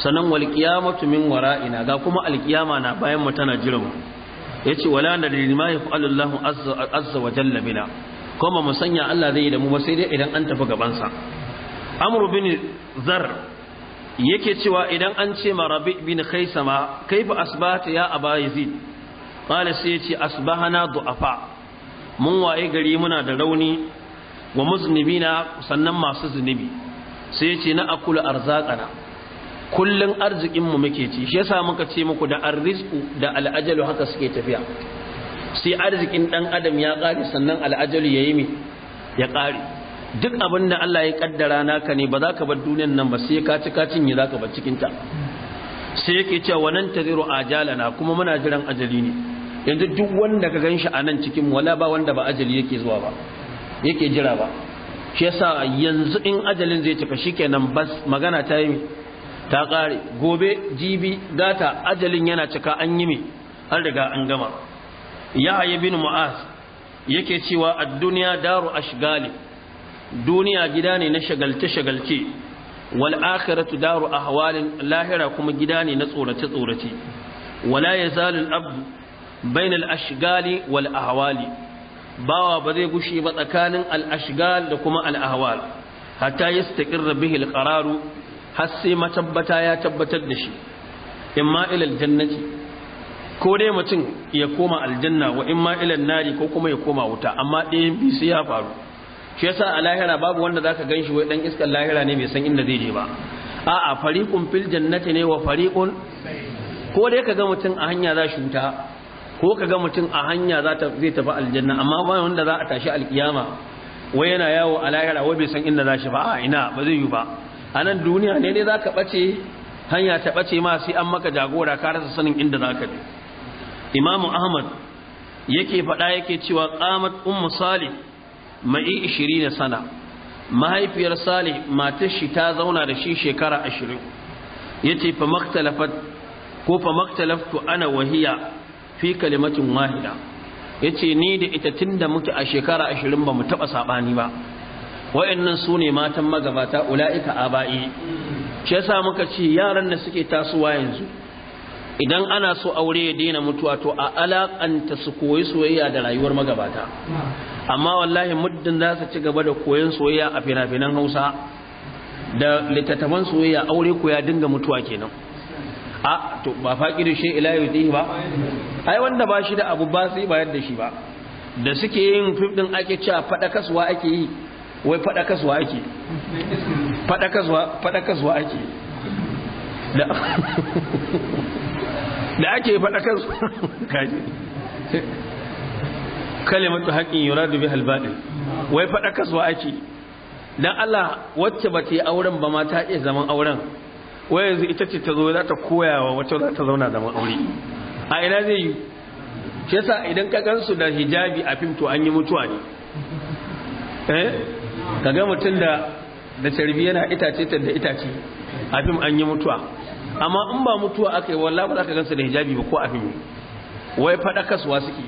[SPEAKER 1] sannan wal qiyamatu min wara'ina ga kuma al na bayan mu tana jira mu yace wala dalil ma yaf'alu Allahu azza wa jalla bina kuma mu sanya Allah zai yi da mu sai dai idan an tafi gaban sa amru bin zar yake cewa idan an ce ma rabi bin khaisama kaifa asbata ya aba yazid qala sai yace asbahana du'afa mun waye gari muna da rauni wa muznibina sannan masu zunubi sai yace na akula arzaqana kullun arzikin mu muke ci shi yasa muka ce muku da arrizqu da al'ajalu haka suke tafiya sai arzikin dan adam ya kare sannan al'ajalu yayi mi ya kare duk abin da Allah ya kaddara naka ne ba za ka bar duniyar nan ba sai ka ci ka cinye za ka bar cikin ta sai yake cewa wannan taziru ajalana kuma muna jiran ajali ne yanzu duk wanda ka ganshi a nan cikin wala ba wanda ba ajali yake zuwa ba yake jira ba shi yasa yanzu in ajalin zai tafi shikenan bas magana ta yi ta ƙare gobe jibi gata ajalin yana cika an yi mai an riga an gama yahaya bin mu'az yake cewa a duniya daru ashgali duniya gida ne na shagalce-shagalce wal akhiratu daru ahwalin lahira kuma gida ne na tsorace-tsorace wala yazalul abdu bainal ashgali wal ahwali bawa ba zai gushe ba tsakanin al ashgal da kuma al ahwal hatta yastaqirra bihi al qararu har sai matabbata ya tabbatar da shi in ma ko dai mutum ya koma aljanna wa in ma nari ko kuma ya koma wuta amma ɗayan bi sai ya faru shi yasa a lahira babu wanda zaka ganshi wai dan iskar lahira ne bai san inda zai je ba a'a fariqun fil jannati ne wa fariqun ko dai kaga mutum a hanya za shi wuta ko kaga mutum a hanya za ta zai tafi aljanna amma ba wanda za a tashi alkiyama wai yana yawo a lahira wai bai san inda za shi ba a ina ba zai yi ba a nan duniya ne ne za ka ɓace hanya ta ɓace ma sai an maka jagora ka rasa sanin inda za ka bi imamu ahmad yake faɗa yake cewa ƙamat ummu salih mai ishiri na sana mahaifiyar salih matar shi ta zauna da shi shekara ashirin ya ce fa maktalafat ko fa maktalaftu ana wahiya fi kalimatin wahida ya ce ni da ita tun da muke a shekara ashirin ba mu taɓa saɓani ba wa'annan su ne matan magabata ula'ika a ba'i shi yasa muka ce yaran da suke tasowa yanzu idan ana so aure ya daina mutuwa to a alaƙanta su koyi soyayya da rayuwar magabata amma wallahi muddin za su ci gaba da koyon soyayya a fina-finan hausa da littattafan soyayya aure ko ya dinga mutuwa kenan a to ba faƙi da shi ila yau ba ai wanda ba shi da abu ba sai bayar da shi ba da suke yin fim din ake cewa faɗa kasuwa ake yi wai faɗakaswa ake faɗakaswa ake da ake faɗakaswa kaji kalimatu haƙin yuradu bi halbaɗin wai faɗakaswa ake don Allah wacce ba ta yi auren ba ma ta iya zaman auren wai yanzu ita ce ta zo za ta koyawa wacce za ta zauna zaman aure a ina zai yi shi yasa idan ka gansu da hijabi a fim to an yi mutuwa ne eh Ka ga mutum da da tarbi yana itace ta da itace abin an yi mutuwa amma in ba mutuwa aka yi wallahi ba za ka gansu da hijabi ba ko abin wai fada kasuwa suke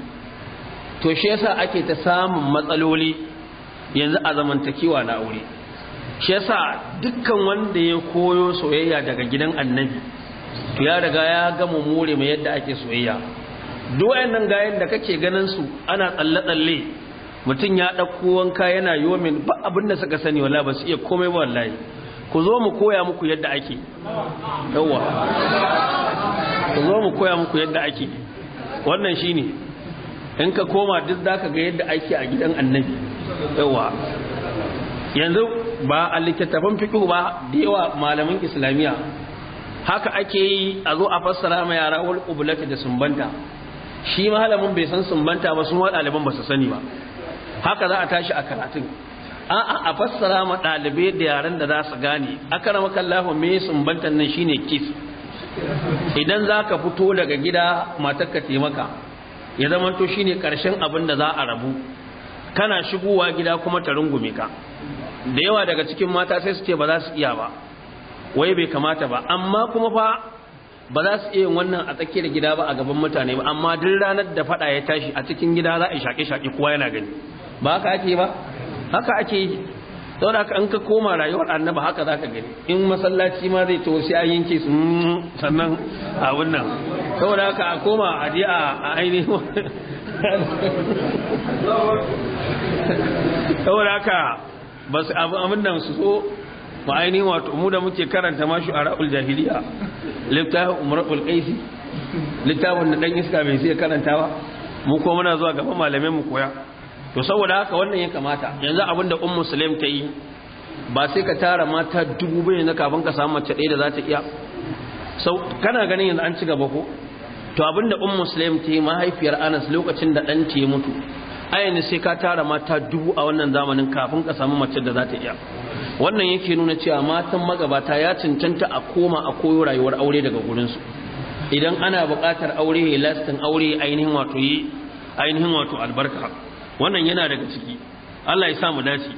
[SPEAKER 1] to shi yasa ake ta samun matsaloli yanzu a zamantakewa na aure shi yasa dukkan wanda ya koyo soyayya daga gidan annabi to ya riga ya gama more mai yadda ake soyayya duk wayannan gayen da kake ganin su ana tsalle-tsalle mutum ya ɗauko wanka yana yomin ba abin da suka sani wala ba su iya komai ba wallahi ku zo mu koya muku yadda ake Yawwa ku zo mu koya muku yadda ake wannan shine in ka koma duk za ka ga yadda ake a gidan annabi yanzu ba a littattafan fiƙo ba da yawa malamin islamiyya haka ake yi a zo a fassara ma yara wal da sumbanta shi malamin bai san sumbanta ba sun wa ɗaliban ba su sani ba haka za a tashi a karatun a'a a fassara ma ɗalibai da yaren da za su gane akara kallahu me sumbantan nan shine kis idan za ka fito daga gida matar matarka taimaka ya zama to shine karshen abin da za a rabu kana shigowa gida kuma ta rungume ka da yawa daga cikin mata sai su ce ba za su iya ba wai bai kamata ba amma kuma fa ba za su iya wannan a tsakiyar gida ba a gaban mutane ba amma duk ranar da fada ya tashi a cikin gida za a shaƙe shaƙe kowa yana gani ba haka ake ba haka ake yi don haka an ka koma rayuwar annaba haka za ka gani in masallaci ma zai to sai an su mm, sannan a wannan saboda haka a koma a je a ainihin saboda haka ba su abin nan su so ma ainihin wato mu da muke karanta mashi a ra'ul jahiliya littafin umarul kaisi littafin da dan iska bai sai ba, mu ko muna zuwa gaban malamin mu koya to saboda haka wannan ya kamata yanzu abin da ummu sulaim ta yi ba sai ka tara mata dubu bai na kafin ka samu mace ɗaya da za ta iya sau kana ganin yanzu an ci gaba ko to abin da ummu sulaim ta yi mahaifiyar anas lokacin da ɗan ta ya mutu ayyana sai ka tara mata dubu a wannan zamanin kafin ka samu mace da za ta iya wannan yake nuna cewa matan magabata ya cancanta a koma a koyo rayuwar aure daga gurinsu idan ana buƙatar aure lastin aure ainihin wato yi ainihin wato albarka wannan yana daga ciki Allah ya sa mu dace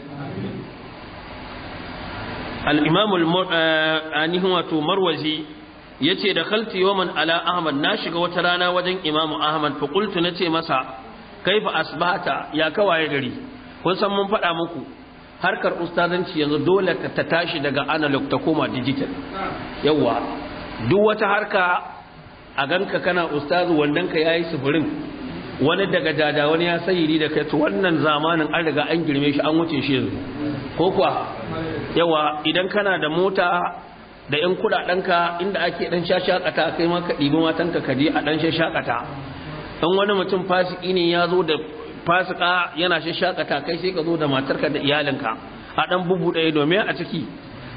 [SPEAKER 1] al-imam eh, al wato marwazi yace da khalti yawman ala ahmad na shiga wata rana wajen imam ahmad fa qultu nace masa kaifa asbahata ya kawaye gari kun san mun faɗa muku harkar ustazanci yanzu dole ka ta tashi daga analog ta koma digital yawa duk wata harka a ganka kana ustazu wannan ka yayi sufurin wani daga dada wani ya sayiri da kai to wannan zamanin an riga an girme shi an wuce shi ko kuwa yawa idan kana da mota da yan kudadenka inda ake dan shashakata kai ma ka dibi matanka ka je a dan shashakata dan wani mutum fasiki ne ya zo da fasika yana shashakata kai sai ka zo da matarka da iyalinka a dan ɗaya domin a ciki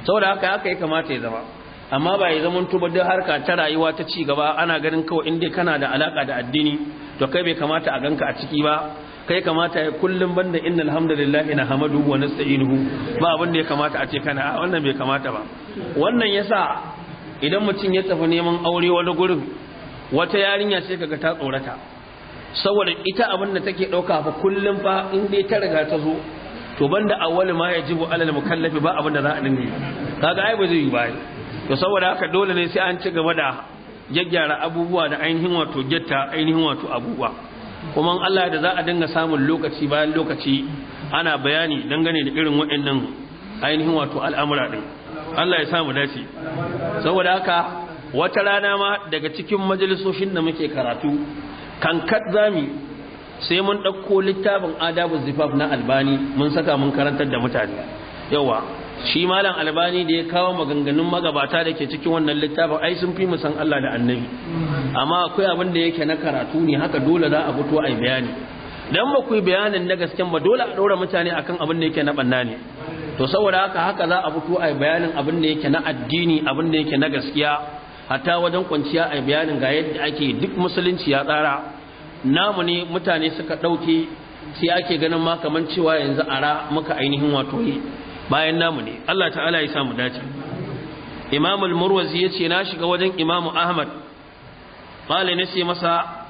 [SPEAKER 1] saboda haka haka ya kamata ya zama amma ba ya zama tuba duk harka ta rayuwa ta ci gaba ana ganin kawai inda kana da alaka da addini to kai bai kamata a ganka a ciki ba kai kamata ya kullum banda inna alhamdulillah ina hamadu wa nasta'inuhu ba abin da ya kamata a ce kana wannan bai kamata ba wannan yasa idan mutum ya tafi neman aure wani gurin wata yarinya sai kaga ta tsorata saboda ita abin da take dauka fa kullum fa in dai ta riga ta zo to banda awwal ma yajibu alal mukallafi ba abin da za a dinga kaga ai ba zai yi ba to saboda haka dole ne sai an ci gaba da gyaggyara abubuwa da ainihin wato gyatta ainihin wato abubuwa kuma Allah da za a dinga samun lokaci bayan lokaci ana bayani dangane da irin waɗannan ainihin wato al'amura din Allah ya sa mu dace saboda haka wata rana ma daga cikin majalisoshin da muke karatu kan kankat zami sai mun ɗauko littafin adabu zifaf na albani mun saka mun karantar da mutane yawa shi malam albani da ya kawo maganganun magabata da ke cikin wannan littafin ai sun fi mu san Allah da annabi amma akwai abin da yake na karatu ne haka dole za a fito ai bayani dan ba ku yi bayanin na gasken ba dole a daura mutane akan abin da yake na banna ne to saboda haka haka za a fito ai bayanin abin da yake na addini abin da yake na gaskiya hatta wajen kwanciya ai bayanin ga yadda ake duk musulunci ya tsara namu ne mutane suka ɗauke sai ake ganin ma kaman cewa yanzu ara muka ainihin wato bayan namu ne Allah ta'ala ya samu dace Imam al-Murwazi yace na shiga wajen Imam Ahmad qala ne sai masa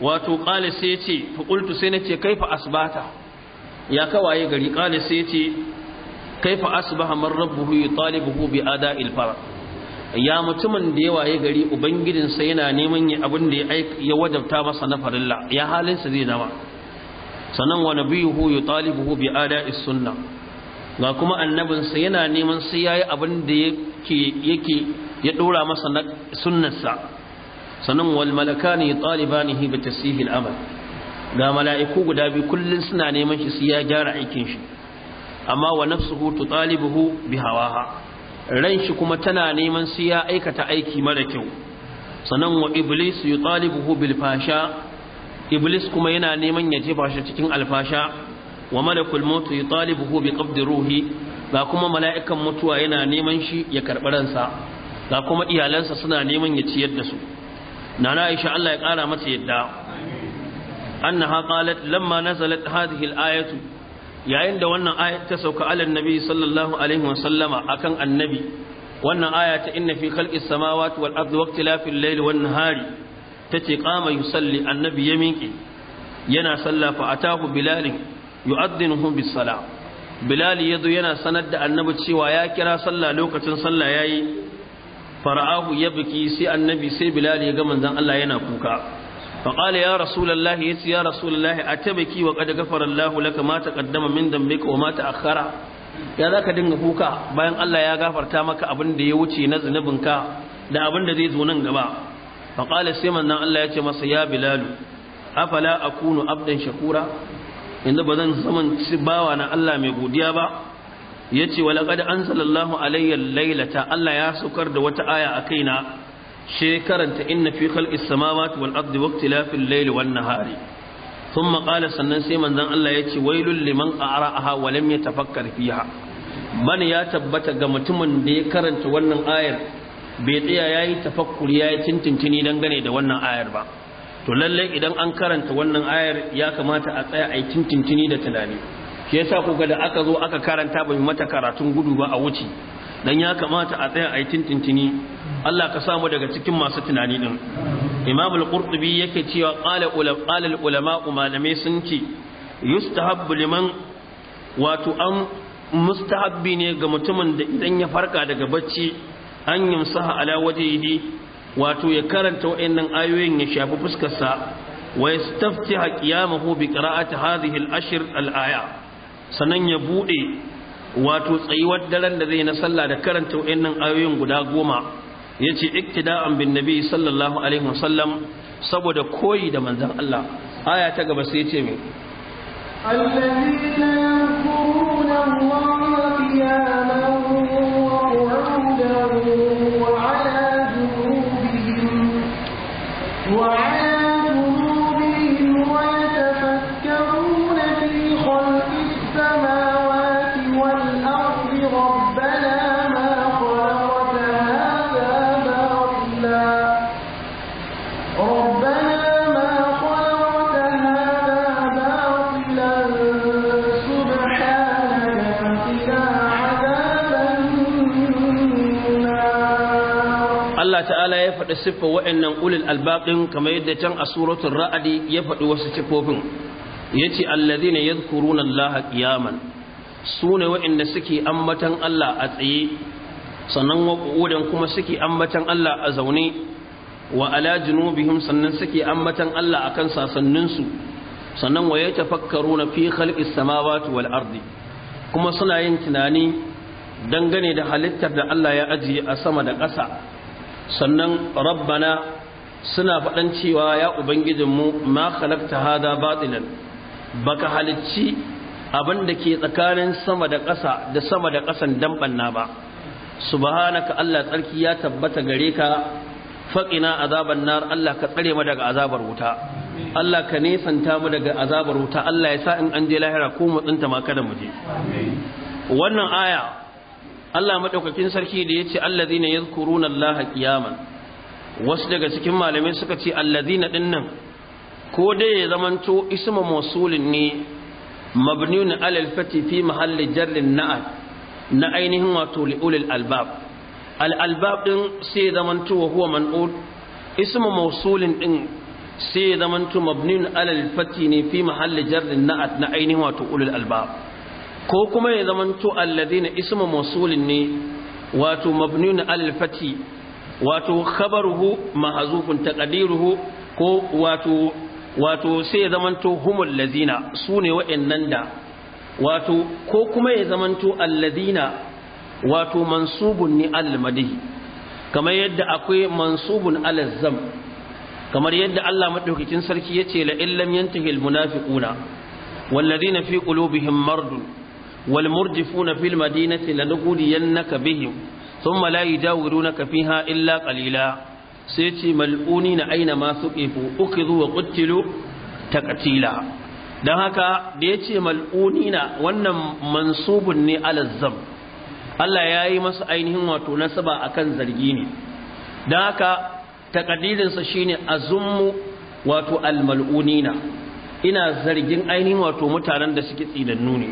[SPEAKER 1] wato qala sai yace fa qultu sai nace kaifa asbata ya kawaye gari qala sai yace kaifa asbaha man rabbuhu yutalibuhu bi ada'il fara ya mutumin da ya waye gari sa yana neman ya abin da ya wajabta masa na farilla ya halinsa zai zama sannan wa nabiyuhu yutalibuhu bi ada'is sunnah ga kuma annabinsa yana neman sai yayi abin da yake ya dora masa na sunnarsa sanan wal malakani talibanihi bi al amal ga mala'iku guda biyu kullun suna neman shi sai ya gyara aikin shi amma wa nafsuhu tutalibuhu bi hawaha ran shi kuma tana neman sai ya aikata aiki mara kyau sanan wa iblis yutalibuhu bil fasha iblis kuma yana neman ya jefa shi cikin alfasha wa malakul maut yutalibuhu bi qabdi ruhi ga kuma mala'ikan mutuwa yana neman shi ya karɓi ransa ga kuma iyalansa suna neman ya ciyar da su
[SPEAKER 2] nana aisha Allah
[SPEAKER 1] ya ƙara mata yadda annaha qalat lamma nazalat hadhihi al-ayatu yayin da wannan aya ta sauka alan nabi sallallahu alaihi wa sallama akan annabi wannan aya ta inna fi khalqis samawati wal ardi waqtilafil layli wan nahari tace qama yusalli annabi ya miƙe yana sallafa atahu bilalin yu'addinuhu bis Salah. bilal yadu yana sanar da annabi cewa ya kira sallah lokacin sallah yayi fara'ahu yabki sai annabi sai bilal ya ga manzon Allah yana kuka fa qala ya rasulullahi yace ya rasulullahi atabaki wa qad ghafara Allah laka ma taqaddama min dambika wa ma ta'akhkhara ya zaka dinga kuka bayan Allah ya gafarta maka abin da ya wuce na zunubinka da abin da zai zo nan gaba fa qala sai manzon Allah ya ce masa ya bilal afala akunu abdan shakura inda ba zan saman ci bawa na Allah mai godiya ba ya ce wa laƙada an sallallahu alayyar lailata Allah ya saukar da wata aya a kaina shekaranta inna fi khalqis samawati wal ardi waqtilafil layli wan nahari thumma qala sannan sai manzon Allah ya ce wailul liman qara'aha wa lam yatafakkar fiha bani ya tabbata ga mutumin da ya karanta wannan ayar bai tsaya yayi tafakkuri yayi tintintini dangane da wannan ayar ba to lalle idan an karanta wannan ayar ya kamata a tsaya a yi tintintini da tunani shi yasa ga da aka zo aka karanta bai mata karatun gudu ba a wuce dan ya kamata a tsaya a yi tintintini Allah ka samu daga cikin masu tunani din Imam al-Qurtubi yake cewa qala ulama malamai sun ce yustahabbu liman wato an mustahabbi ne ga mutumin da idan ya farka daga bacci an yamsaha ala wajhihi wato ya karanta wa'annan ayoyin ya shafi fuskarsa wa yastaftiha qiyamahu bi qira'ati hadhihi al-ashr al-aya sanan ya bude wato tsayuwar daren da zai na sallah da karanta wa'annan ayoyin guda goma yace iktida'an bin nabi sallallahu alaihi wasallam saboda koyi da manzan Allah aya ta gaba sai yace me
[SPEAKER 2] الذين يذكرون na
[SPEAKER 1] siffa wa'annan ulil albaqin kamar yadda can a suratul ra'adi ya faɗi wasu cikofin yace alladhina yadhkuruna allaha qiyaman sune wa'anda suke ammatan Allah a tsaye sannan waqudan kuma suke ammatan Allah a zaune wa ala junubihim sannan suke ammatan Allah akan sasanninsu sannan wa yatafakkaruna fi khalqis samawati wal ardi kuma suna yin tunani dangane da halittar da Allah ya ajiye a sama da ƙasa sannan rabbana suna faɗan cewa ya ubangijinmu ma khalaqta hada batilan baka halicci abin da ke tsakanin sama da ƙasa da sama da ƙasan dambanna ba subhanaka Allah tsarki ya tabbata gare ka faqina azaban nar Allah ka tsare mu daga azabar wuta Allah ka nesanta mu daga azabar wuta Allah ya sa in an je lahira ko mu tsinta ma kada mu je wannan aya Allah madaukakin sarki da ya ce ne yace allazina yadhkuruna Allaha qiyaman wasu daga cikin malamai suka ce allazina dinnan ko dai ya zamanto ismu mawsulin ne mabniun ala al fi mahalli jarrin na'ad na ainihin wato li'ulil albab Alalbab ɗin sai ya zamanto wa huwa man'ud ismu mawsulin ɗin sai ya zamanto mabniun ala al ne fi mahalli jarrin na'ad na ainihin wato ulul albab ko kuma ya zamanto alladhina ismu mawsulin ne wato mabniun al-fati wato khabaruhu mahzufun taqdiruhu ko wato wato sai ya zamanto humul ladina sune wa'annan da wato ko kuma ya zamanto alladhina wato mansubun ni al-madhi kamar yadda akwai mansubun al-zam kamar yadda Allah madaukakin sarki yace la illam yantahil munafiquna والذين في قلوبهم مرض wal murjifuna fil madinati lanughriyannaka bihim thumma la yujawirunaka fiha illa qalila sai ce mal'uni na aina masu ƙifu uku zuwa ƙuttilo ta ƙatila don haka da ya ce mal'uni na wannan mansubin ne alazzam Allah ya yi masa ainihin wato nasaba a kan zargi ne don haka taƙadirinsa shi ne a wato almal'uni na ina zargin ainihin wato mutanen da suke tsinannu ne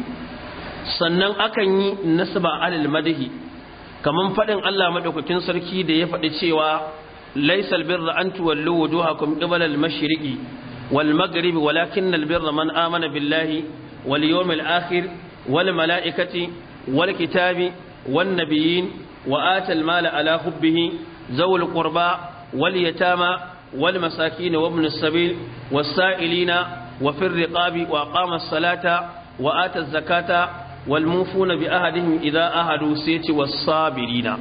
[SPEAKER 1] sannan akan yi nasaba alal madahi kaman fadin Allah madaukakin sarki da ya faɗi cewa laysal birra an tuwallu wujuhakum qibala al-mashriqi wal maghribi walakin al-birra man amana billahi wal yawmil akhir wal malaikati wal kitabi wan nabiyyin wa ata mala ala hubbihi zawul qurba wal yatama wal masakin wa ibn sabil was sa'ilina wa fi ar wa aqama salata wa zakata walmufuna bi ahadihim idza ahadu sai ce wasabirina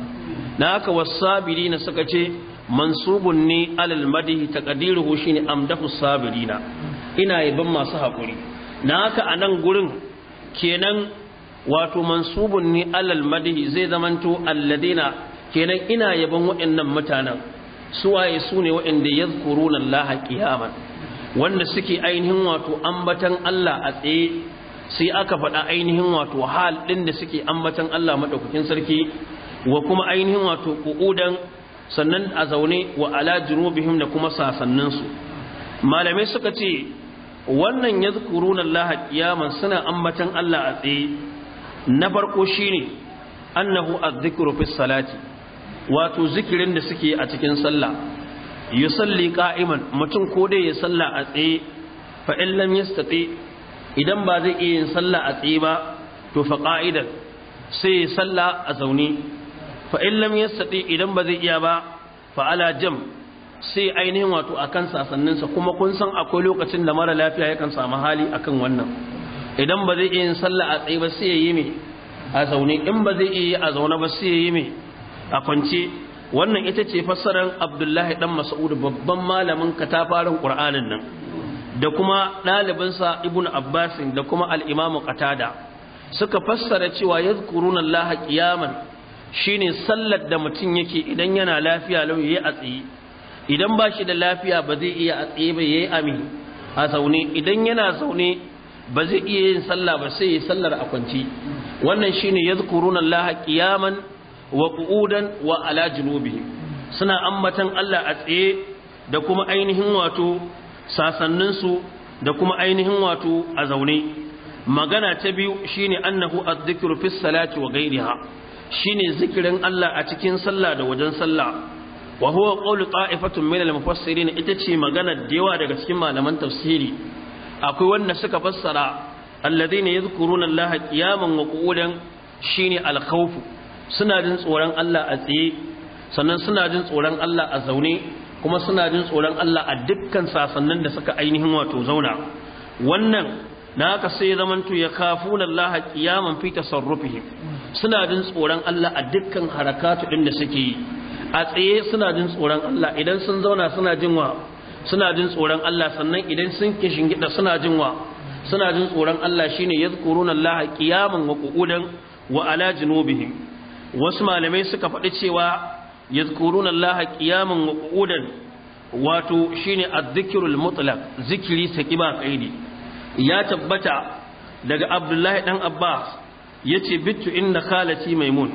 [SPEAKER 1] na haka wasabirina suka ce mansubun ne alal madihi taqdiruhu shine amdahu sabirina ina yaban masu hakuri na haka a nan gurin kenan wato mansubun ne alal madihi zai zamanto alladina kenan ina yaban waɗannan mutanen suwaye su ne waɗanda yadhkuruna Allah qiyaman wanda suke ainihin wato ambatan Allah a tsaye sai aka faɗa ainihin wato hal ɗin da suke ambatan Allah maɗaukakin sarki wa kuma ainihin wato ku'udan sannan a zaune wa ala junubihim da kuma sasanninsu malamai suka ce wannan ya zukuruna Allah kiyaman suna ambatan Allah a tsaye na farko shine annahu azzikru fis salati wato zikirin da suke a cikin sallah yusalli qa'iman mutum ko dai ya salla a tsaye fa in yastati idan ba zai iya yin sallah a tsaye ba to fa qa'idan sai sallah a zaune fa in lam yastati idan ba zai iya ba fa ala jam sai ainihin wato akan sasanninsa kuma kun san akwai lokacin da mara lafiya yakan samu hali akan wannan idan ba zai iya yin sallah a tsaye ba sai ya yi me a zaune in ba zai iya a zaune ba sai ya yi me a kwance wannan ita ce fassarar abdullahi dan mas'ud babban malamin katafarin qur'anin nan da kuma ɗalibinsa Ibnu abbasin da kuma al'imamu qatada suka fassara cewa ya zukuruna allaha ƙiyaman shine sallar da mutum yake idan yana lafiya lau ya a tsaye idan ba shi da lafiya ba zai iya a tsaye ba ya yi ami a zaune idan yana zaune ba zai iya yin sallah ba sai ya sallar a kwanci wannan shine ya zukuruna allaha ƙiyaman wa ƙu'udan wa ala suna ambatan allah a tsaye da kuma ainihin wato sasanninsu da kuma ainihin wato a zaune magana ta biyu shine annahu adh-dhikru fi salati wa ghayriha shine zikirin Allah a cikin sallah da wajen sallah wa huwa qawlu ta'ifatun min al-mufassirin ita ce magana da yawa daga cikin malaman tafsiri akwai wanda suka fassara alladhina yadhkuruna Allah qiyaman wa qu'udan shine al-khawf suna jin tsoron Allah a tsaye sannan suna jin tsoron Allah a zaune kuma suna jin tsoron Allah a dukkan sasannin da suka ainihin wato zauna wannan na ka sai zamantu ya kafu lallaha kiyaman fi tasarrufihim suna jin tsoron Allah a dukkan harakatu din da suke yi a tsaye suna jin tsoron Allah idan sun zauna suna jin wa suna jin tsoron Allah sannan idan sun shingida suna jin wa suna jin tsoron Allah shine yazkuruna Allah kiyaman wa qu'udan wa ala junubihim wasu malamai suka faɗi cewa yadhkuruna allaha qiyaman wa qu'udan wato shine az dhikrul mutlaq zikiri saki ba kaidi ya tabbata daga abdullahi dan abbas yace bittu inna khalati maimun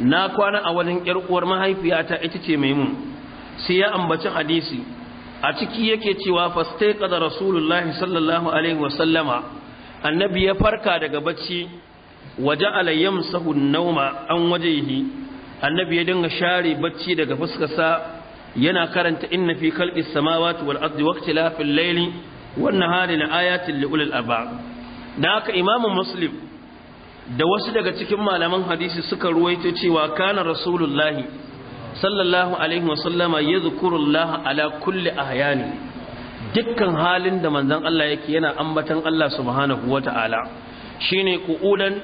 [SPEAKER 1] na kwana a wajen yar uwar mahaifiyata ita ce maimun sai ya ambaci hadisi a ciki yake cewa qada rasulullahi sallallahu alaihi wa sallama annabi ya farka daga bacci waje alayyam an wajehi annabi ya dinga share bacci daga fuskarsa yana karanta inna fi khalqis samawati wal ardi waqtilafil layli wan nahari la ayatin li albab Da haka imamu muslim da wasu daga cikin malaman hadisi suka ruwaito cewa kana rasulullahi sallallahu alaihi wasallama yadhkurullaha ala kulli ahyani dukkan halin da manzon Allah yake yana ambatan Allah subhanahu wataala shine ku'udan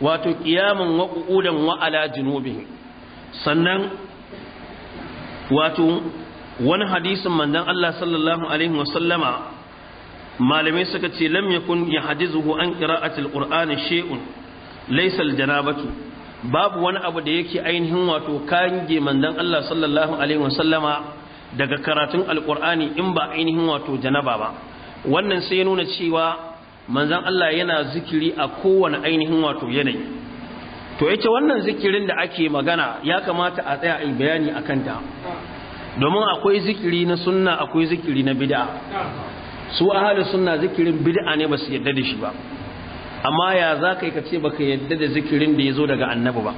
[SPEAKER 1] wato qiyaman wa qu'udan wa ala junubihim sannan wato wani hadisin manzon Allah sallallahu alaihi wa sallama malamai suka ce lam yakun hadizuhu an qira'atil qur'ani shay'un laysa aljanabatu babu wani abu da yake ainihin wato kange manzon Allah sallallahu alaihi sallama daga karatun alqur'ani in ba ainihin wato janaba ba wannan sai ya nuna cewa manzon Allah yana zikiri a kowane ainihin wato yanayi to yake wannan zikirin da ake magana ya kamata a tsaya in bayani a kanta domin akwai zikiri na sunna akwai zikiri na bid'a su ahalin sunna zikirin bid'a ne ba su yadda da shi ba amma ya za ka yi ka ce ba ka yadda da zikirin da ya zo daga annabi ba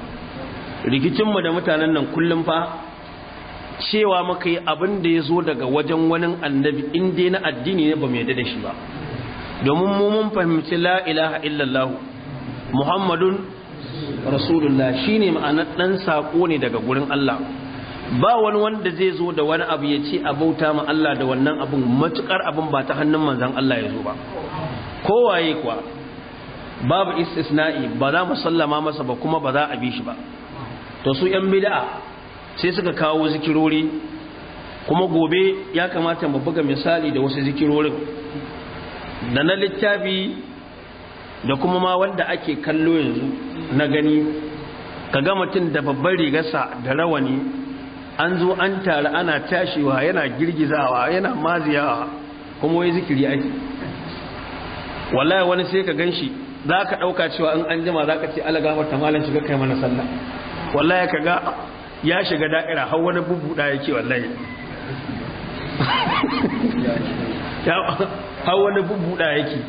[SPEAKER 1] rikicinmu da mutanen nan kullum fa cewa muka yi abin da ya zo daga wajen wani annabi in dai na addini ne ba mu yadda da shi ba domin mu mun fahimci la ilaha illallah muhammadun
[SPEAKER 2] rasulullah shine
[SPEAKER 1] ma'anar ɗan sako ne daga gurin Allah ba wani wanda zai zo da wani abu ya ce abauta ma Allah da wannan abun matukar abin ba ta hannun manzan Allah ya zo ba kowaye kuwa babu istisna'i ba za mu sallama masa ba kuma ba za a bi shi ba to su yan bid'a sai suka kawo zikirori kuma gobe ya kamata mu buga misali da wasu zikirorin da na littafi da kuma ma wanda ake kallo yanzu na gani ka ga mutum da babbar rigarsa da rawani an zo an tare ana tashiwa yana girgizawa yana maziyawa kuma wai zikiri ake wallahi wani sai ka gan shi za ka ɗauka cewa in an jima za ka ce alaga ta malam shiga kai mana sallah wallahi ka ga ya shiga da'ira har wani bubuɗa yake wallahi har wani bubuɗa yake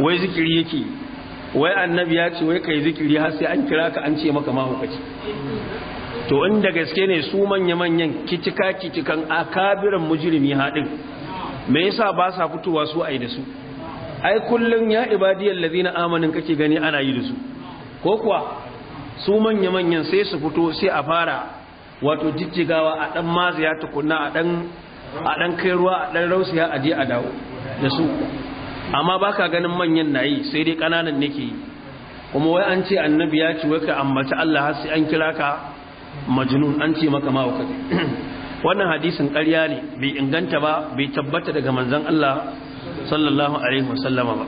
[SPEAKER 1] wai zikiri yake wai annabi ya ce wai kai zikiri har sai an kira ka an ce maka mahaukaci to inda gaske ne su manya-manyan kitika kitikan akabiran mujrimi haɗin me yasa ba sa fitowa su ai da su ai kullun ya ibadiyal ladina amanin kake gani ana yi da su ko kuwa su manya-manyan sai su fito sai a fara wato jijjigawa a dan maziya tukunna a dan a dan kai ruwa a dan rausiya a je a dawo da su amma ba ka ganin manyan na yi, sai dai kananan ke yi kuma wai an ce annabi ya ci waka ka Allah har sai an kira ka majnun an ce maka mawaka wannan hadisin ƙarya ne bai inganta ba bai tabbata daga manzon Allah sallallahu alaihi wasallama ba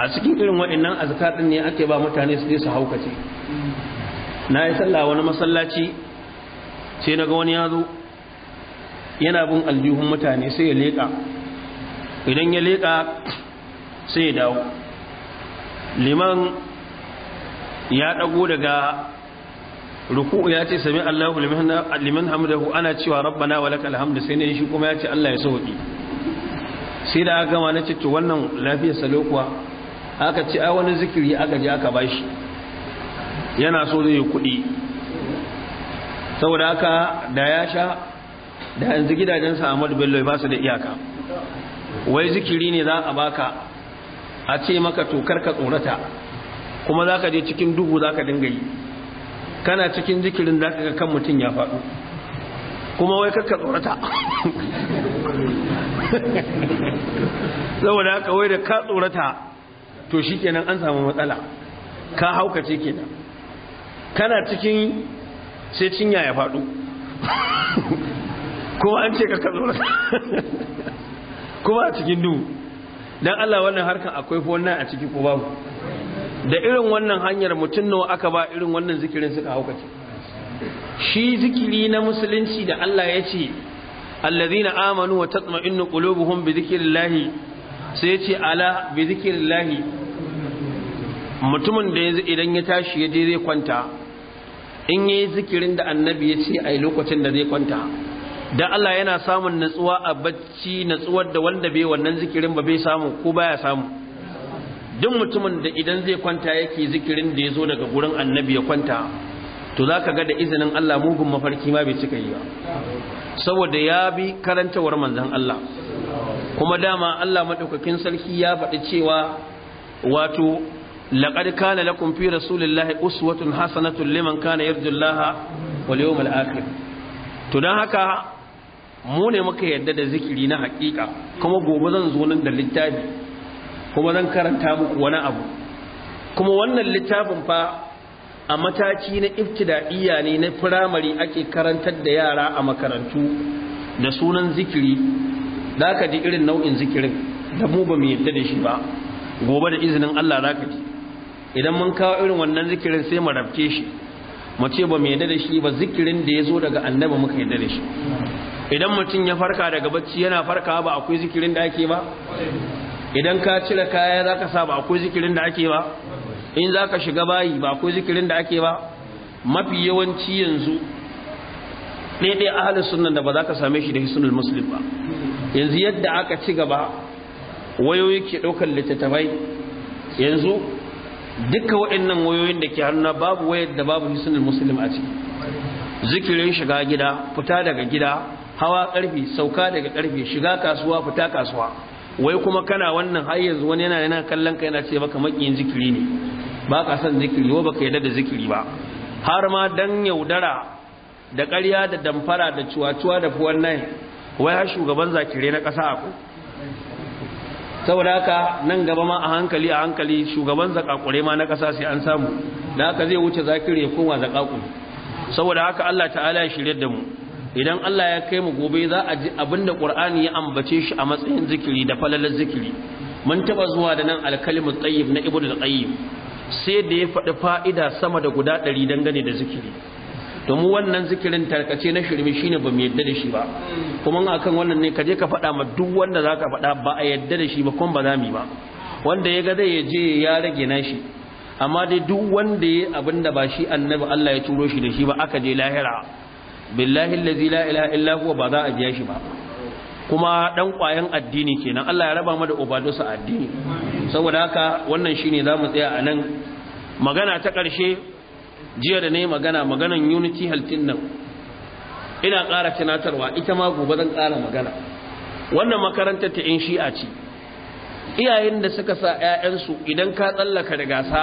[SPEAKER 1] a cikin irin waɗannan azkar din ne ake ba mutane su je su haukace na yi sallah wani masallaci sai na ga wani yazo yana bin aljihun mutane sai ya leƙa idan ya leƙa sai ya dawo liman ya dago daga ruku ya ce sami Allahu liman hamdahu ana cewa rabbana wa laka alhamdu sai ne shi kuma ya ce Allah ya sauki sai da aka gama na ce to wannan lafiyar salo kuwa aka ce ai wani zikiri aka ji aka bashi yana so zai yi kuɗi saboda haka da ya sha da yanzu gidajensa Ahmadu Bello ba su da iyaka wai zikiri ne za a baka a ce maka to ka tsorata kuma za ka je cikin duhu ka dinga yi kana cikin zikirin za ga kan mutum ya faɗo kuma wai kakka tsorata saboda haka wai da ka tsorata to shi kenan an samu matsala ka haukace kenan kana cikin sai cinya ya faɗo kuma an ce ka tsorata kuma a cikin duhu dan Allah wannan harkan akwai fa wannan a ciki ko babu da irin wannan hanyar mutum nawa aka ba irin wannan zikirin suka haukace shi zikiri na musulunci da Allah ya ce allazina amanu wa tatma'innu qulubuhum bi dhikrillah sai ya ce ala bi mutumin da yanzu idan ya tashi ya je zai kwanta in yayi zikirin da annabi ya ce ai lokacin da zai kwanta dan Allah yana samun natsuwa a bacci natsuwar da wanda bai wannan zikirin ba bai samu ko baya samu duk mutumin da idan zai kwanta yake zikirin da ya zo daga gurin annabi ya kwanta to za ka ga da izinin Allah mugun mafarki ma bai cika yi ba saboda ya bi karantawar manzan Allah kuma dama Allah maɗaukakin sarki ya faɗi cewa wato laqad kana lakum fi rasulillahi uswatun hasanatun liman kana yarjullaha wal yawmal akhir to dan haka mu ne muka yarda da zikiri na haƙiƙa kuma gobe zan zo nan da littafi kuma zan karanta muku wani abu kuma wannan littafin fa a mataki na ibtidaiya ne na firamare ake karantar da yara a makarantu da sunan zikiri da ka ji irin nau'in zikirin da mu ba mu yadda da shi ba gobe da izinin Allah za ka ji idan mun kawo irin wannan zikirin sai mu rabke shi mu ce ba mu yadda da shi ba zikirin da ya zo daga annabi muka yadda da shi idan mutum ya farka daga bacci yana farka ba akwai zikirin da ake ba idan ka cire kaya za ka sa ba akwai zikirin da ake ba in za ka shiga bayi ba akwai zikirin da ake ba mafi yawanci yanzu ɗaiɗai ahalin sunan da ba za ka same shi da hisunan musulun ba yanzu yadda aka ci gaba wayoyi ke ɗaukar littattafai yanzu duka waɗannan wayoyin da ke hannu babu wayar da babu hisunan musulun a ciki zikirin shiga gida fita daga gida hawa karfe sauka daga karfe shiga kasuwa fita kasuwa wai kuma kana wannan har yanzu wani yana yana kallon ka yana ce maka makiyin zikiri ne ba ka san zikiri ba baka yadda da zikiri ba har ma dan yaudara da ƙarya da damfara da cuwacuwa da fuwan nan wai har shugaban zakire na ƙasa ako. saboda haka nan gaba ma a hankali a hankali shugaban zakakure ma na ƙasa sai an samu da haka zai wuce zakire ya koma zakakure saboda haka Allah ta'ala ya shirye da mu idan Allah ya kai mu gobe za a ji abinda Qur'ani ya ambace shi a matsayin zikiri da falalar zikiri mun taba zuwa da nan alkalimu tayyib na ibnu al-qayyim sai da ya faɗi fa'ida sama da guda 100 dangane da zikiri to mu wannan zikirin tarkace na shirme shine ba mu yadda da shi ba kuma akan wannan ne kaje ka faɗa ma duk wanda zaka fada ba a yadda da shi ba kuma ba za mu ba wanda ya ga zai je ya rage nashi amma dai duk wanda ya abinda ba shi annabi Allah ya turo shi da shi ba aka je lahira billahi allazi la ilaha illa huwa ba za a biya shi ba kuma dan kwayan addini kenan Allah ya raba mu da sa addini saboda haka wannan shine zamu tsaya a nan magana ta ƙarshe jiya da ne magana maganan unity haltin nan ina ƙara tunatarwa ita ma gobe zan ƙara magana wannan makarantar ta in shi'a ce iyayen da suka sa 'ya'yansu idan ka tsallaka da gasa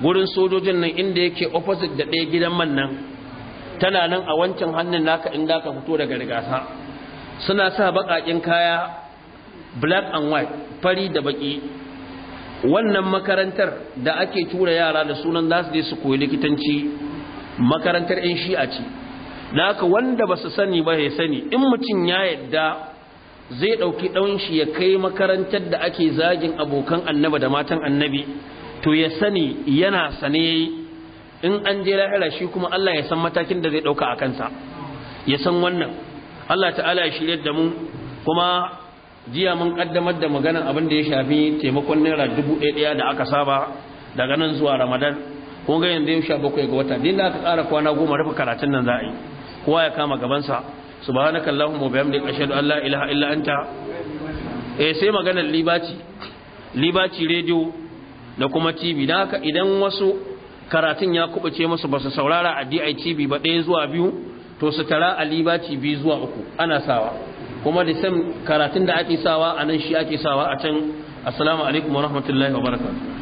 [SPEAKER 1] gurin sojojin nan inda yake opposite da ɗaya gidan man nan tana nan a wancan hannun naka in da ka fito daga rigasa suna sa baƙaƙen kaya black and white fari da baƙi wannan makarantar da ake tura yara da sunan za su je su koyi likitanci makarantar 'yan shi'a ce da haka wanda ba su sani ba ya sani in mutum ya yadda zai ɗauki ɗauyin shi ya kai makarantar da ake zagin abokan annaba da matan annabi to ya sani yana sane in an je lahira shi kuma Allah ya san matakin da zai ɗauka a kansa ya san wannan Allah ta'ala ya shirye da mu kuma jiya mun ƙaddamar da maganar abin da ya shafi taimakon naira dubu ɗaya da aka saba daga nan zuwa Ramadan kun ga yanzu yau 17 ga wata din da aka ƙara kwana goma rufe karatun nan za a yi kowa ya kama gaban sa subhanakallahumma wa bihamdika ashhadu an la ilaha illa anta eh sai maganar libaci libaci radio da kuma TV dan haka idan wasu karatun ya kubuce masa ba su saurara a DITB ba ɗaya zuwa biyu to su tara a libaci biyu zuwa uku ana sawa kuma da sam karatun da ake sawa a nan shi ake sawa a can assalamu alaikum wa rahmatullahi wa barakatuh